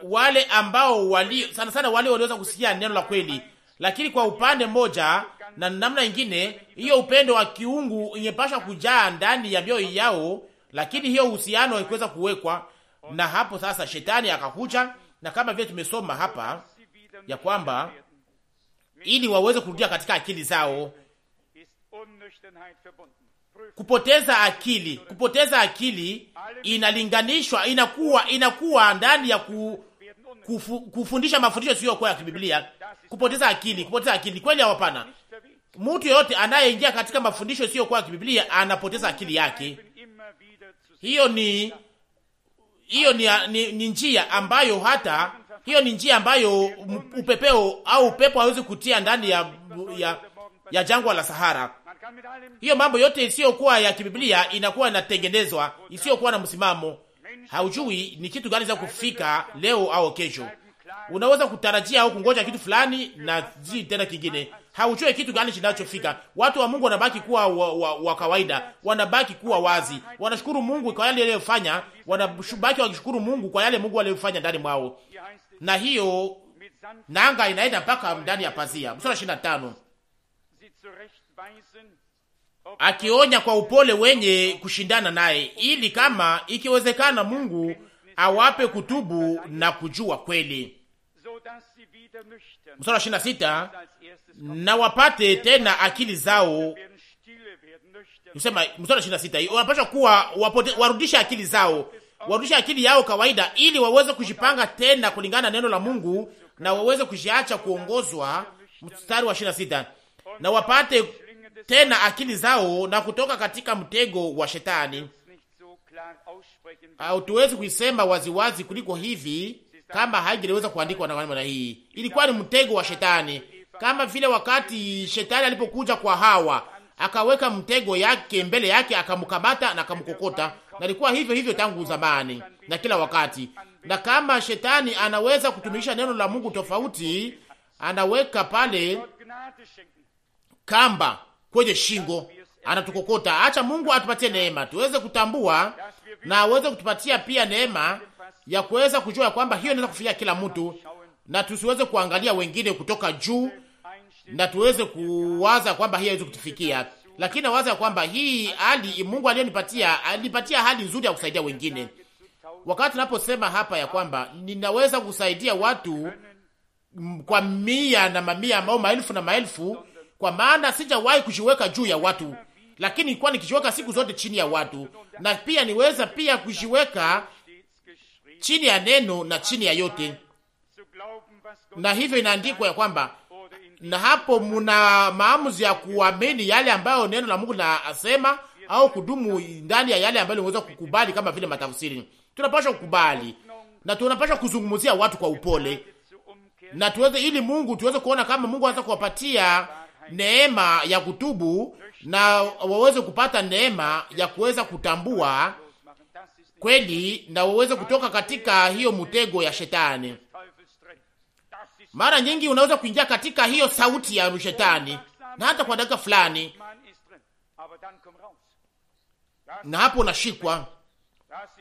wale ambao wali sana sana wale waliweza kusikia neno la kweli lakini kwa upande mmoja na namna ingine, hiyo upendo wa kiungu ingepasha kujaa ndani ya mioyo yao, lakini hiyo uhusiano haikuweza kuwekwa, na hapo sasa shetani akakuja, na kama vile tumesoma hapa ya kwamba ili waweze kurudia katika akili zao, kupoteza akili, kupoteza akili inalinganishwa, inakuwa inakuwa ndani ya ku kufu, kufundisha mafundisho siyokuwa ya kibiblia, kupoteza akili, kupoteza akili kweli au hapana? Mtu yoyote anayeingia katika mafundisho siyokuwa ya kibiblia anapoteza akili yake. Hiyo ni hiyo ni, ni, ni njia ambayo hata hiyo ni njia ambayo upepeo au upepo hawezi kutia ndani ya, ya, ya jangwa la Sahara. Hiyo mambo yote isiyokuwa ya kibiblia inakuwa inatengenezwa isiyokuwa na msimamo haujui ni kitu gani za kufika leo au kesho. Unaweza kutarajia au kungoja kitu fulani na zi tena kingine, haujui kitu gani kinachofika. Watu wa Mungu wanabaki kuwa wa, wa, wa kawaida, wanabaki kuwa wazi, wanashukuru Mungu kwa yale aliyofanya, wanabaki wakishukuru Mungu kwa yale Mungu aliyofanya ndani mwao, na hiyo nanga inaenda mpaka ndani ya pazia. Mstari 25 akionya kwa upole wenye kushindana naye, ili kama ikiwezekana Mungu awape kutubu na kujua kweli. Mstari ishirini na sita, na wapate tena akili zao. Nisema mstari ishirini na sita kuwa wapote, warudishe akili zao, warudishe akili yao kawaida, ili waweze kujipanga tena kulingana na neno la Mungu na waweze kujiacha kuongozwa. Mstari wa ishirini na sita, na wapate tena akili zao na kutoka katika mtego wa shetani. Hatuwezi kuisema waziwazi kuliko hivi, kama haingeweza kuandikwa na namna hii. Ilikuwa ni mtego wa shetani, kama vile wakati shetani alipokuja kwa Hawa akaweka mtego yake mbele yake, akamkamata na akamkokota, na ilikuwa hivyo hivyo tangu zamani na kila wakati. Na kama shetani anaweza kutumisha neno la Mungu tofauti, anaweka pale kamba kwenye shingo, anatukokota. Acha Mungu atupatie neema tuweze kutambua na aweze kutupatia pia neema ya kuweza kujua kwamba hiyo inaweza kufikia kila mtu, na tusiweze kuangalia wengine kutoka juu, na tuweze kuwaza kwamba hii haiwezi kutufikia, lakini waza kwamba hii hali Mungu aliyonipatia alinipatia hali nzuri ya kusaidia wengine. Wakati naposema hapa ya kwamba ninaweza kusaidia watu kwa mia na mamia au maelfu na maelfu kwa maana sijawahi kujiweka juu ya watu, lakini nilikuwa nikijiweka siku zote chini ya watu, na pia niweza pia kujiweka chini ya neno na chini ya yote, na hivyo inaandikwa ya kwamba na hapo muna maamuzi ya kuamini yale ambayo neno la Mungu linasema au kudumu ndani ya yale ambayo unaweza kukubali, kama vile matafsiri. Tunapaswa kukubali na tunapaswa kuzungumzia watu kwa upole na tuweze, ili Mungu tuweze kuona kama Mungu anaweza kuwapatia neema ya kutubu na waweze kupata neema ya kuweza kutambua kweli na waweze kutoka katika hiyo mtego ya shetani. Mara nyingi unaweza kuingia katika hiyo sauti ya shetani, na hata kwa dakika fulani, na hapo unashikwa,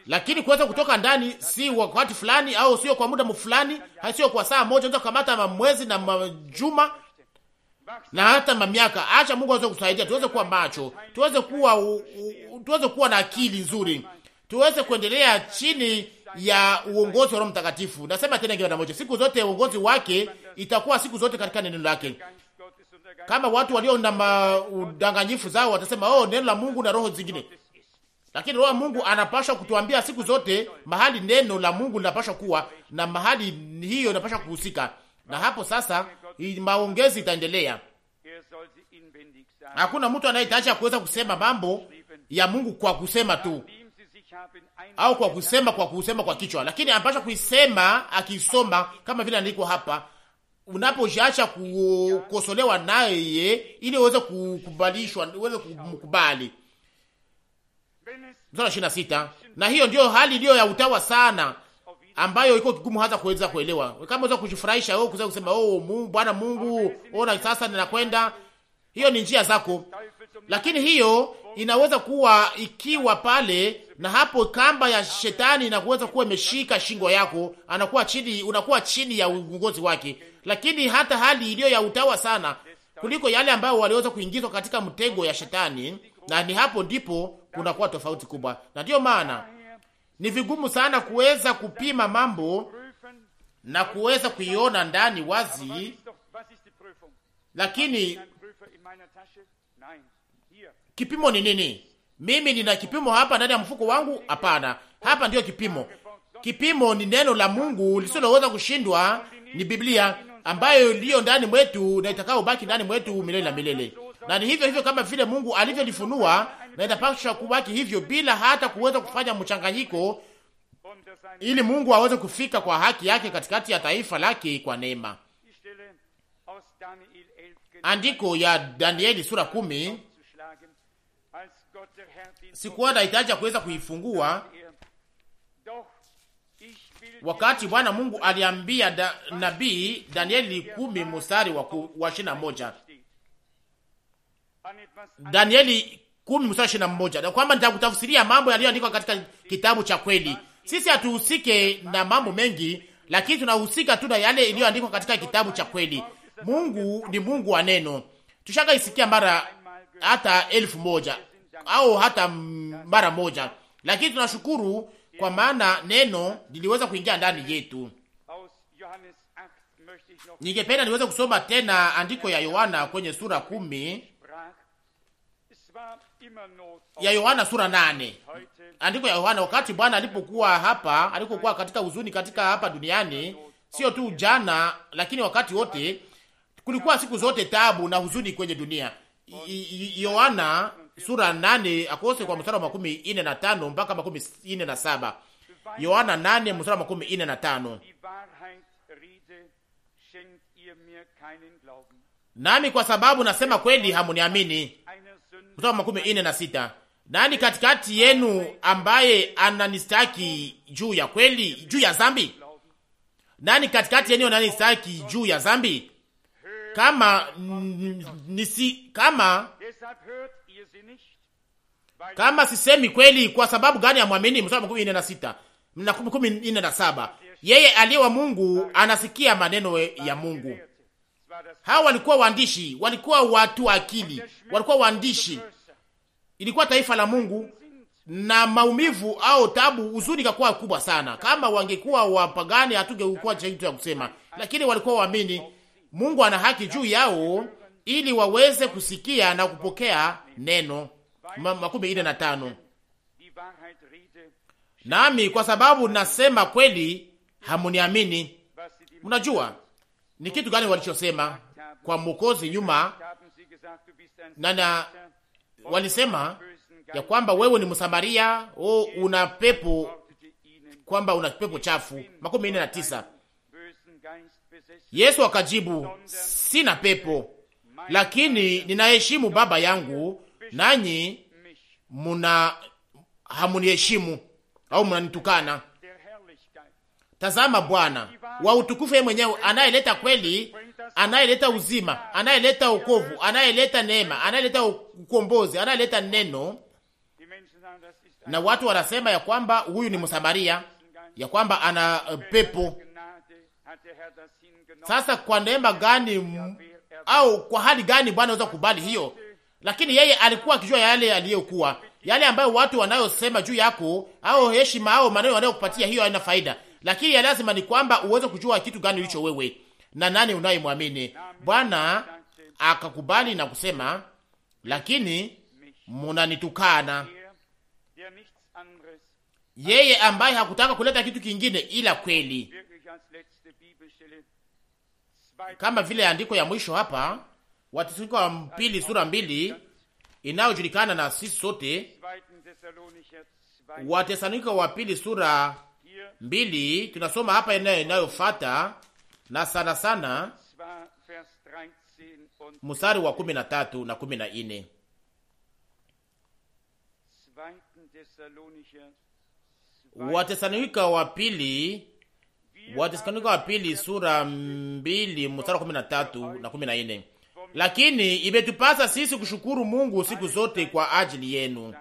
lakini kuweza kutoka ndani si wakati fulani, au sio kwa muda fulani, sio kwa saa moja, unaweza kukamata mamwezi na majuma na hata mamiaka. Acha Mungu aweze kusaidia tuweze kuwa macho, tuweze kuwa u, u, tuweze kuwa na akili nzuri, tuweze kuendelea chini ya uongozi wa Roho Mtakatifu. Nasema tena ingine moja, siku zote uongozi wake itakuwa siku zote katika neno lake. Kama watu walio na udanganyifu zao watasema oh, neno la Mungu na roho zingine, lakini roho wa Mungu anapaswa kutuambia siku zote mahali neno la Mungu linapaswa kuwa na mahali hiyo inapaswa kuhusika, na hapo sasa maongezi itaendelea. Hakuna mtu anayetaacha kuweza kusema mambo ya Mungu kwa kusema tu au kwa kusema kwa kusema kwa kichwa, lakini anapasha kuisema akisoma, kama vile andiko hapa. unapojiacha kukosolewa naye, ili uweze kukubalishwa, uweze kumkubali. na sita. Na hiyo ndiyo hali iliyo ya utawa sana ambayo iko kigumu hata kuweza kuelewa. Kama unaweza kujifurahisha wewe kuweza kusema oh, Mungu Bwana Mungu, ona sasa ninakwenda. Hiyo ni njia zako. Lakini hiyo inaweza kuwa ikiwa pale na hapo kamba ya shetani inaweza kuwa imeshika shingo yako, anakuwa chini, unakuwa chini ya uongozi wake. Lakini hata hali iliyo ya utawa sana kuliko yale ambayo waliweza kuingizwa katika mtego ya shetani, na ni hapo ndipo kunakuwa tofauti kubwa, na ndiyo maana ni vigumu sana kuweza kupima mambo na kuweza kuiona ndani wazi, lakini kipimo ni nini? Mimi nina kipimo hapa ndani ya mfuko wangu? Hapana, hapa ndiyo kipimo. Kipimo ni neno la Mungu lisiloweza kushindwa, ni Biblia ambayo iliyo ndani mwetu na itakayobaki ndani mwetu milele na milele na ni hivyo hivyo kama vile Mungu alivyolifunua, na itapaswa kubaki hivyo bila hata kuweza kufanya mchanganyiko, ili Mungu aweze kufika kwa haki yake katikati ya taifa lake kwa neema. Andiko ya Danieli sura kumi sikuwa hitaji ya kuweza kuifungua wakati Bwana Mungu aliambia da, nabii Danieli kumi mstari wa ishirini na moja Danieli 10:21 na kwamba nitakutafsiria mambo yaliyoandikwa katika kitabu cha kweli. Sisi hatuhusike na mambo mengi, lakini tunahusika tu na yale iliyoandikwa katika kitabu cha kweli. Mungu ni Mungu wa neno. Tushakaisikia mara hata elfu moja au hata mara moja, lakini tunashukuru kwa maana neno liliweza kuingia ndani yetu. Ningependa niweze kusoma tena andiko ya Yohana kwenye sura kumi ya Yohana sura nane, andiko ya Yohana. Wakati Bwana alipokuwa hapa, alikokuwa katika huzuni katika hapa duniani, sio tu jana, lakini wakati wote kulikuwa siku zote tabu na huzuni kwenye dunia. Yohana sura nane akose kwa mstari wa makumi ine na tano mpaka makumi ine na saba Yohana nane mstari wa makumi ine na tano Nami kwa sababu nasema kweli, hamuniamini kutoka makumi ine na sita. Nani katikati yenu ambaye ananistaki juu ya kweli, juu ya zambi? Nani katikati yenu ananistaki juu ya zambi? Kama nisi, kama kama sisemi kweli, kwa sababu gani ya mwamini? Mstari makumi ine na sita na ine na saba. Yeye aliye wa Mungu anasikia maneno ya Mungu. Hawa walikuwa waandishi, walikuwa watu wa akili, walikuwa waandishi, ilikuwa taifa la Mungu, na maumivu au tabu, huzuni ikakuwa kubwa sana. Kama wangekuwa wapagani, hatungekuwa kitu ya kusema, lakini walikuwa waamini. Mungu ana haki juu yao ili waweze kusikia na kupokea neno. makumi ine na tano. Nami kwa sababu nasema kweli, hamuniamini. Mnajua ni kitu gani walichosema kwa Mwokozi nyuma na na walisema ya kwamba wewe ni Msamaria, o una pepo, kwamba una pepo chafu. makumi nne na tisa. Yesu akajibu, sina pepo, lakini ninaheshimu Baba yangu, nanyi muna hamuniheshimu au munanitukana. Tazama Bwana, wa utukufu yeye mwenyewe, anayeleta kweli, anayeleta uzima, anayeleta ukovu anayeleta neema, anayeleta ukombozi, anayeleta neno. Na watu wanasema ya kwamba huyu ni Msamaria, ya kwamba ana eh, pepo. Sasa kwa neema gani au kwa hali gani Bwana anaweza kukubali hiyo? Lakini yeye alikuwa akijua yale aliyokuwa yale ambayo watu wanayosema juu yako, au heshima au maneno wanayokupatia, hiyo haina faida lakini ya lazima ni kwamba uweze kujua kitu gani ulicho wewe na nani unayemwamini. Bwana akakubali na kusema, lakini munanitukana yeye ambaye hakutaka kuleta kitu kingine ila kweli, kama vile andiko ya mwisho hapa Wathesalonike wa pili sura mbili inayojulikana na sisi sote. Wathesalonike wa pili sura mbili tunasoma hapa eneo inayofata na sana sana mstari wa kumi na tatu na kumi na nne Watesalonika wa pili Watesalonika wa pili sura mbili mstari wa kumi na tatu na kumi na nne lakini imetupasa sisi kushukuru Mungu siku zote kwa ajili yenu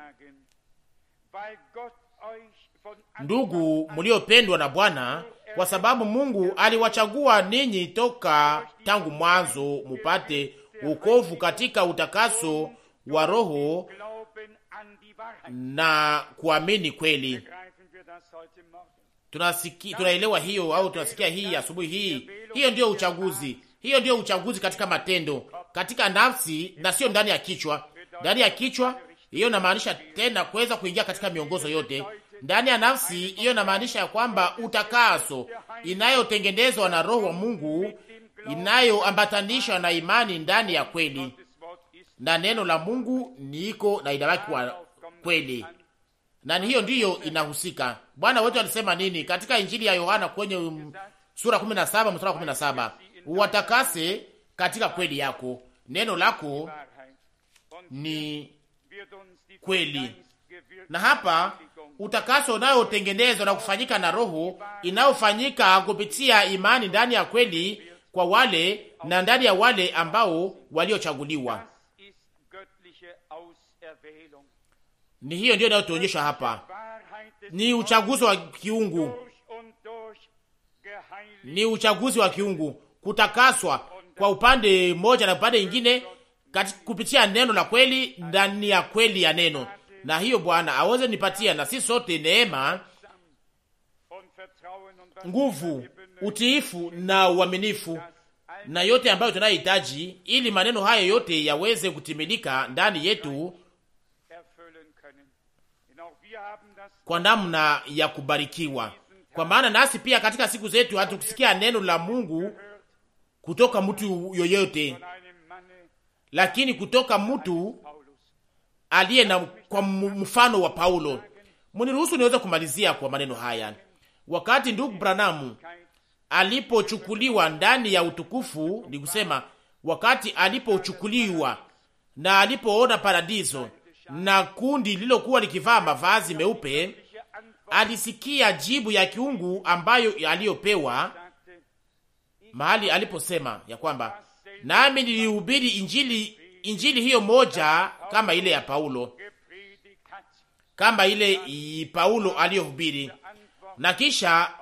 ndugu mliopendwa na Bwana, kwa sababu Mungu aliwachagua ninyi toka tangu mwanzo mupate wokovu katika utakaso wa roho na kuamini kweli. Tunasiki, tunaelewa hiyo au tunasikia hii asubuhi hii. Hiyo ndiyo uchaguzi, hiyo ndiyo uchaguzi katika matendo, katika nafsi na sio ndani ya kichwa. Ndani ya kichwa hiyo inamaanisha tena kuweza kuingia katika miongozo yote, ndani ya nafsi hiyo, inamaanisha ya kwamba utakaso inayotengenezwa na Roho wa Mungu inayoambatanishwa na imani ndani ya kweli, na neno la Mungu niiko na inabaki kwa kweli, na hiyo ndiyo inahusika. Bwana wetu alisema nini katika Injili ya Yohana kwenye sura 17 mstari wa 17, uwatakase katika kweli yako, neno lako ni kweli. Na hapa utakaso unayotengenezwa na kufanyika na Roho inayofanyika kupitia imani ndani ya kweli kwa wale na ndani ya wale ambao waliochaguliwa. Ni hiyo ndiyo inayotuonyesha hapa, ni uchaguzi wa kiungu, ni uchaguzi wa kiungu, kutakaswa kwa upande mmoja na upande ingine, kupitia neno la kweli ndani ya kweli ya neno na hiyo Bwana aweze nipatia na si sote neema, nguvu, utiifu na uaminifu na yote ambayo tunayohitaji, ili maneno hayo yote yaweze kutimilika ndani yetu kwa namna ya kubarikiwa. Kwa maana nasi pia katika siku zetu hatukusikia neno la Mungu kutoka mtu yoyote, lakini kutoka mtu aliye na kwa mfano wa Paulo. Mniruhusu niweze kumalizia kwa maneno haya. Wakati ndugu Branamu alipochukuliwa ndani ya utukufu, ni kusema wakati alipochukuliwa na alipoona paradiso na kundi lilokuwa likivaa mavazi meupe, alisikia jibu ya kiungu ambayo aliyopewa mahali aliposema ya kwamba nami nilihubiri injili injili hiyo moja kama ile ya Paulo, kama ile Paulo aliyohubiri, na kisha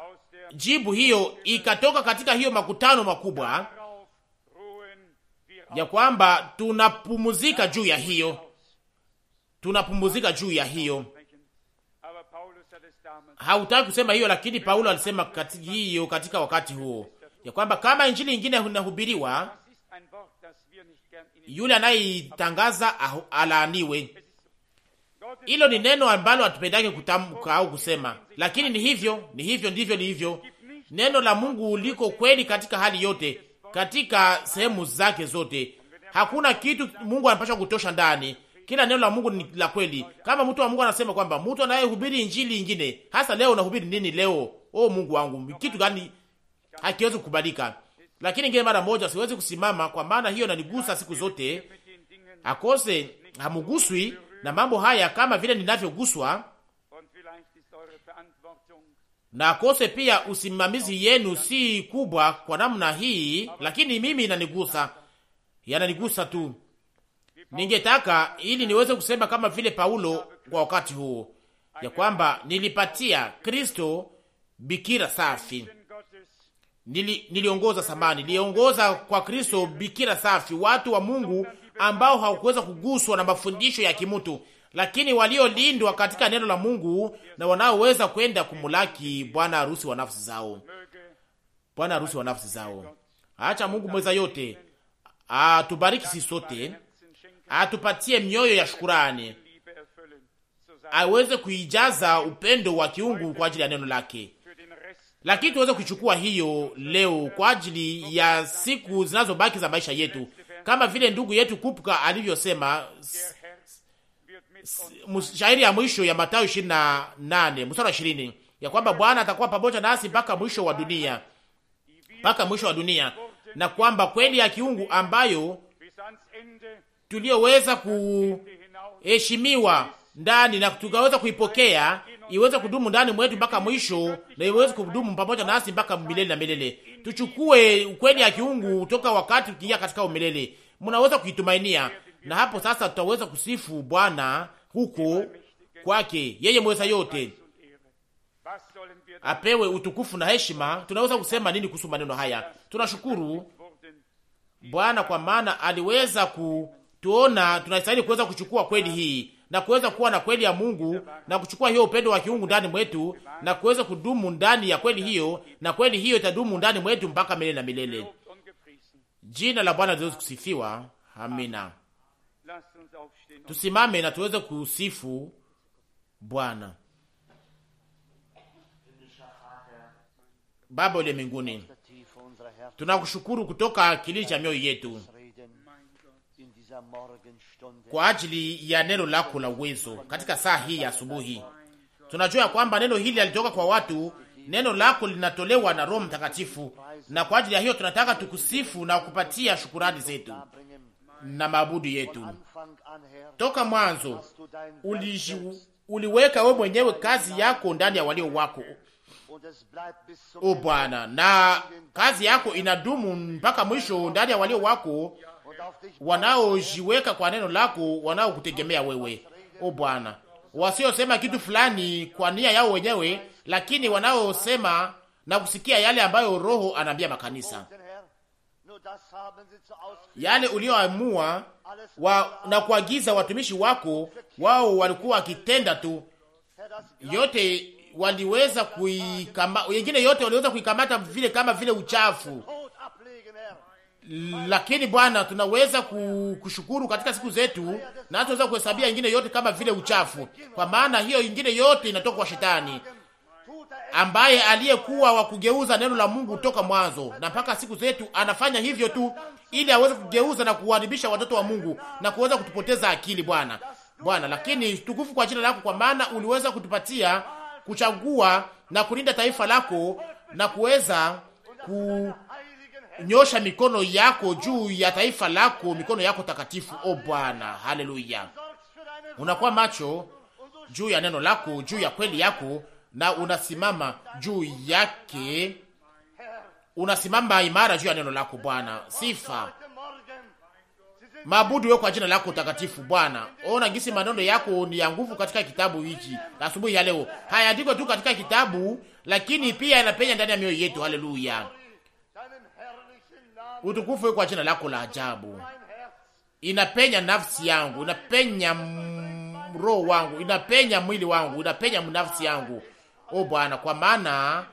jibu hiyo ikatoka katika hiyo makutano makubwa ya kwamba tunapumuzika juu ya hiyo, tunapumuzika juu ya hiyo. Hautaki kusema hiyo, lakini Paulo alisema kati hiyo, katika wakati huo ya kwamba kama injili ingine inahubiriwa yule anayeitangaza alaaniwe. Hilo ni neno ambalo hatupendake kutamka au kusema, lakini ni hivyo, ni hivyo, ndivyo ni hivyo. Neno la Mungu liko kweli katika hali yote, katika sehemu zake zote. Hakuna kitu Mungu anapaswa kutosha ndani. Kila neno la Mungu ni la kweli. Kama mtu wa Mungu anasema kwamba mtu anayehubiri injili ingine, hasa leo unahubiri nini leo? O Mungu wangu, kitu gani? Hakiwezi kukubalika lakini ngine mara moja siwezi kusimama, kwa maana hiyo nanigusa siku zote, akose hamuguswi na mambo haya kama vile ninavyoguswa na akose pia usimamizi yenu si kubwa kwa namna hii, lakini mimi inanigusa, yananigusa tu. Ningetaka ili niweze kusema kama vile Paulo kwa wakati huo ya kwamba nilipatia Kristo bikira safi nili, niliongoza samani, niliongoza kwa Kristo bikira safi, watu wa Mungu ambao hawakuweza kuguswa na mafundisho ya kimutu, lakini waliolindwa katika neno la Mungu na wanaoweza kwenda kumulaki bwana harusi wa nafsi zao, bwana harusi wa nafsi zao. Acha Mungu mweza yote atubariki sisi sote, atupatie mioyo ya shukurani, aweze kuijaza upendo wa kiungu kwa ajili ya neno lake lakini tuweze kuchukua hiyo leo kwa ajili ya siku zinazobaki za maisha yetu, kama vile ndugu yetu Kupka alivyosema shairi ya mwisho ya Mathayo 28 mstari wa 20 ya kwamba Bwana atakuwa pamoja nasi mpaka mwisho wa dunia, mpaka mwisho wa dunia, na kwamba kweli ya kiungu ambayo tulioweza kuheshimiwa ndani na tukaweza kuipokea iweze kudumu ndani mwetu mpaka mwisho na iweze kudumu pamoja nasi mpaka milele na milele. Tuchukue ukweli ya kiungu toka wakati tukiingia katika umilele, mnaweza kuitumainia, na hapo sasa tutaweza kusifu Bwana huko kwake, yeye mweza yote apewe utukufu na heshima. Tunaweza kusema nini kuhusu maneno haya? Tunashukuru Bwana kwa maana aliweza kutuona tunastahili kuweza kuchukua kweli hii na kuweza kuwa na kweli ya Mungu na kuchukua hiyo upendo wa kiungu ndani mwetu na kuweza kudumu ndani ya kweli hiyo, na kweli hiyo itadumu ndani mwetu mpaka milele na milele. Jina la Bwana liweze kusifiwa. Amina. Tusimame na tuweze kusifu Bwana. Baba uliye mbinguni, tunakushukuru kutoka kilindi cha mioyo yetu kwa ajili ya neno lako la uwezo katika saa hii ya asubuhi. Tunajua kwamba neno hili alitoka kwa watu, neno lako linatolewa na Roho Mtakatifu, na kwa ajili ya hiyo tunataka tukusifu na kupatia shukurani zetu na maabudu yetu. Toka mwanzo uliweka wewe mwenyewe kazi yako ndani ya walio wako, o Bwana, na kazi yako inadumu mpaka mwisho ndani ya walio wako wanaojiweka kwa neno lako, wanaokutegemea wewe, o Bwana, wasiosema kitu fulani kwa nia yao wenyewe, lakini wanaosema na kusikia yale ambayo Roho anaambia makanisa, yale ulioamua wa, na kuagiza watumishi wako. Wao walikuwa wakitenda tu, yote waliweza kuikamata, wengine yote waliweza kuikamata vile kama vile uchafu lakini Bwana, tunaweza kushukuru katika siku zetu, na tunaweza kuhesabia ingine yote kama vile uchafu, kwa maana hiyo ingine yote inatoka kwa Shetani ambaye aliyekuwa wa kugeuza neno la Mungu toka mwanzo na mpaka siku zetu, anafanya hivyo tu ili aweze kugeuza na kuharibisha watoto wa Mungu na kuweza kutupoteza akili. Bwana, Bwana, lakini tukufu kwa jina lako, kwa maana uliweza kutupatia kuchagua na kulinda taifa lako na kuweza ku nyosha mikono yako juu ya taifa lako, mikono yako takatifu, o Bwana. Haleluya! Unakuwa macho juu ya neno lako, juu ya kweli yako, na unasimama juu yake, unasimama imara juu ya neno lako Bwana. Sifa mabudu yo kwa jina lako takatifu Bwana. Ona gisi maneno yako ni ya nguvu katika kitabu hiki asubuhi ya leo, hayaandikwe tu katika kitabu, lakini pia yanapenya ndani ya mioyo yetu. Haleluya! utukufu kwa jina lako la ajabu. Inapenya nafsi yangu, inapenya roho wangu, inapenya mwili wangu, inapenya nafsi yangu, o Bwana, kwa maana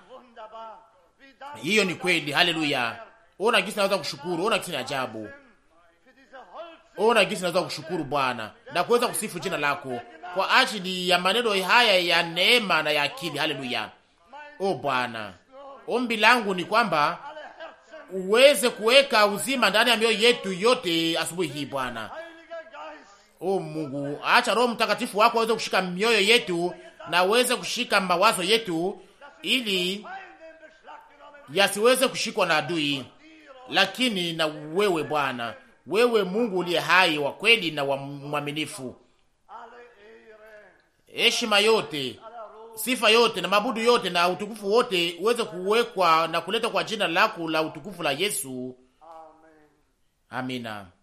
hiyo ni kweli. Haleluya! Ona gisi naweza kushukuru, ona gisi ni ajabu, ona gisi naweza kushukuru Bwana na kuweza kusifu jina lako kwa ajili ya maneno haya ya neema na ya akili. Haleluya! O Bwana, ombi langu ni kwamba uweze kuweka uzima ndani ya mioyo yetu yote asubuhi hii Bwana. O Mungu, acha Roho Mtakatifu wako aweze kushika mioyo yetu na aweze kushika mawazo yetu, ili yasiweze kushikwa na adui, lakini na wewe Bwana, wewe Mungu uliye hai wa kweli na wa mwaminifu, heshima yote sifa yote na mabudu yote na utukufu wote uweze kuwekwa na kuleta kwa jina lako la utukufu la Yesu. Amina.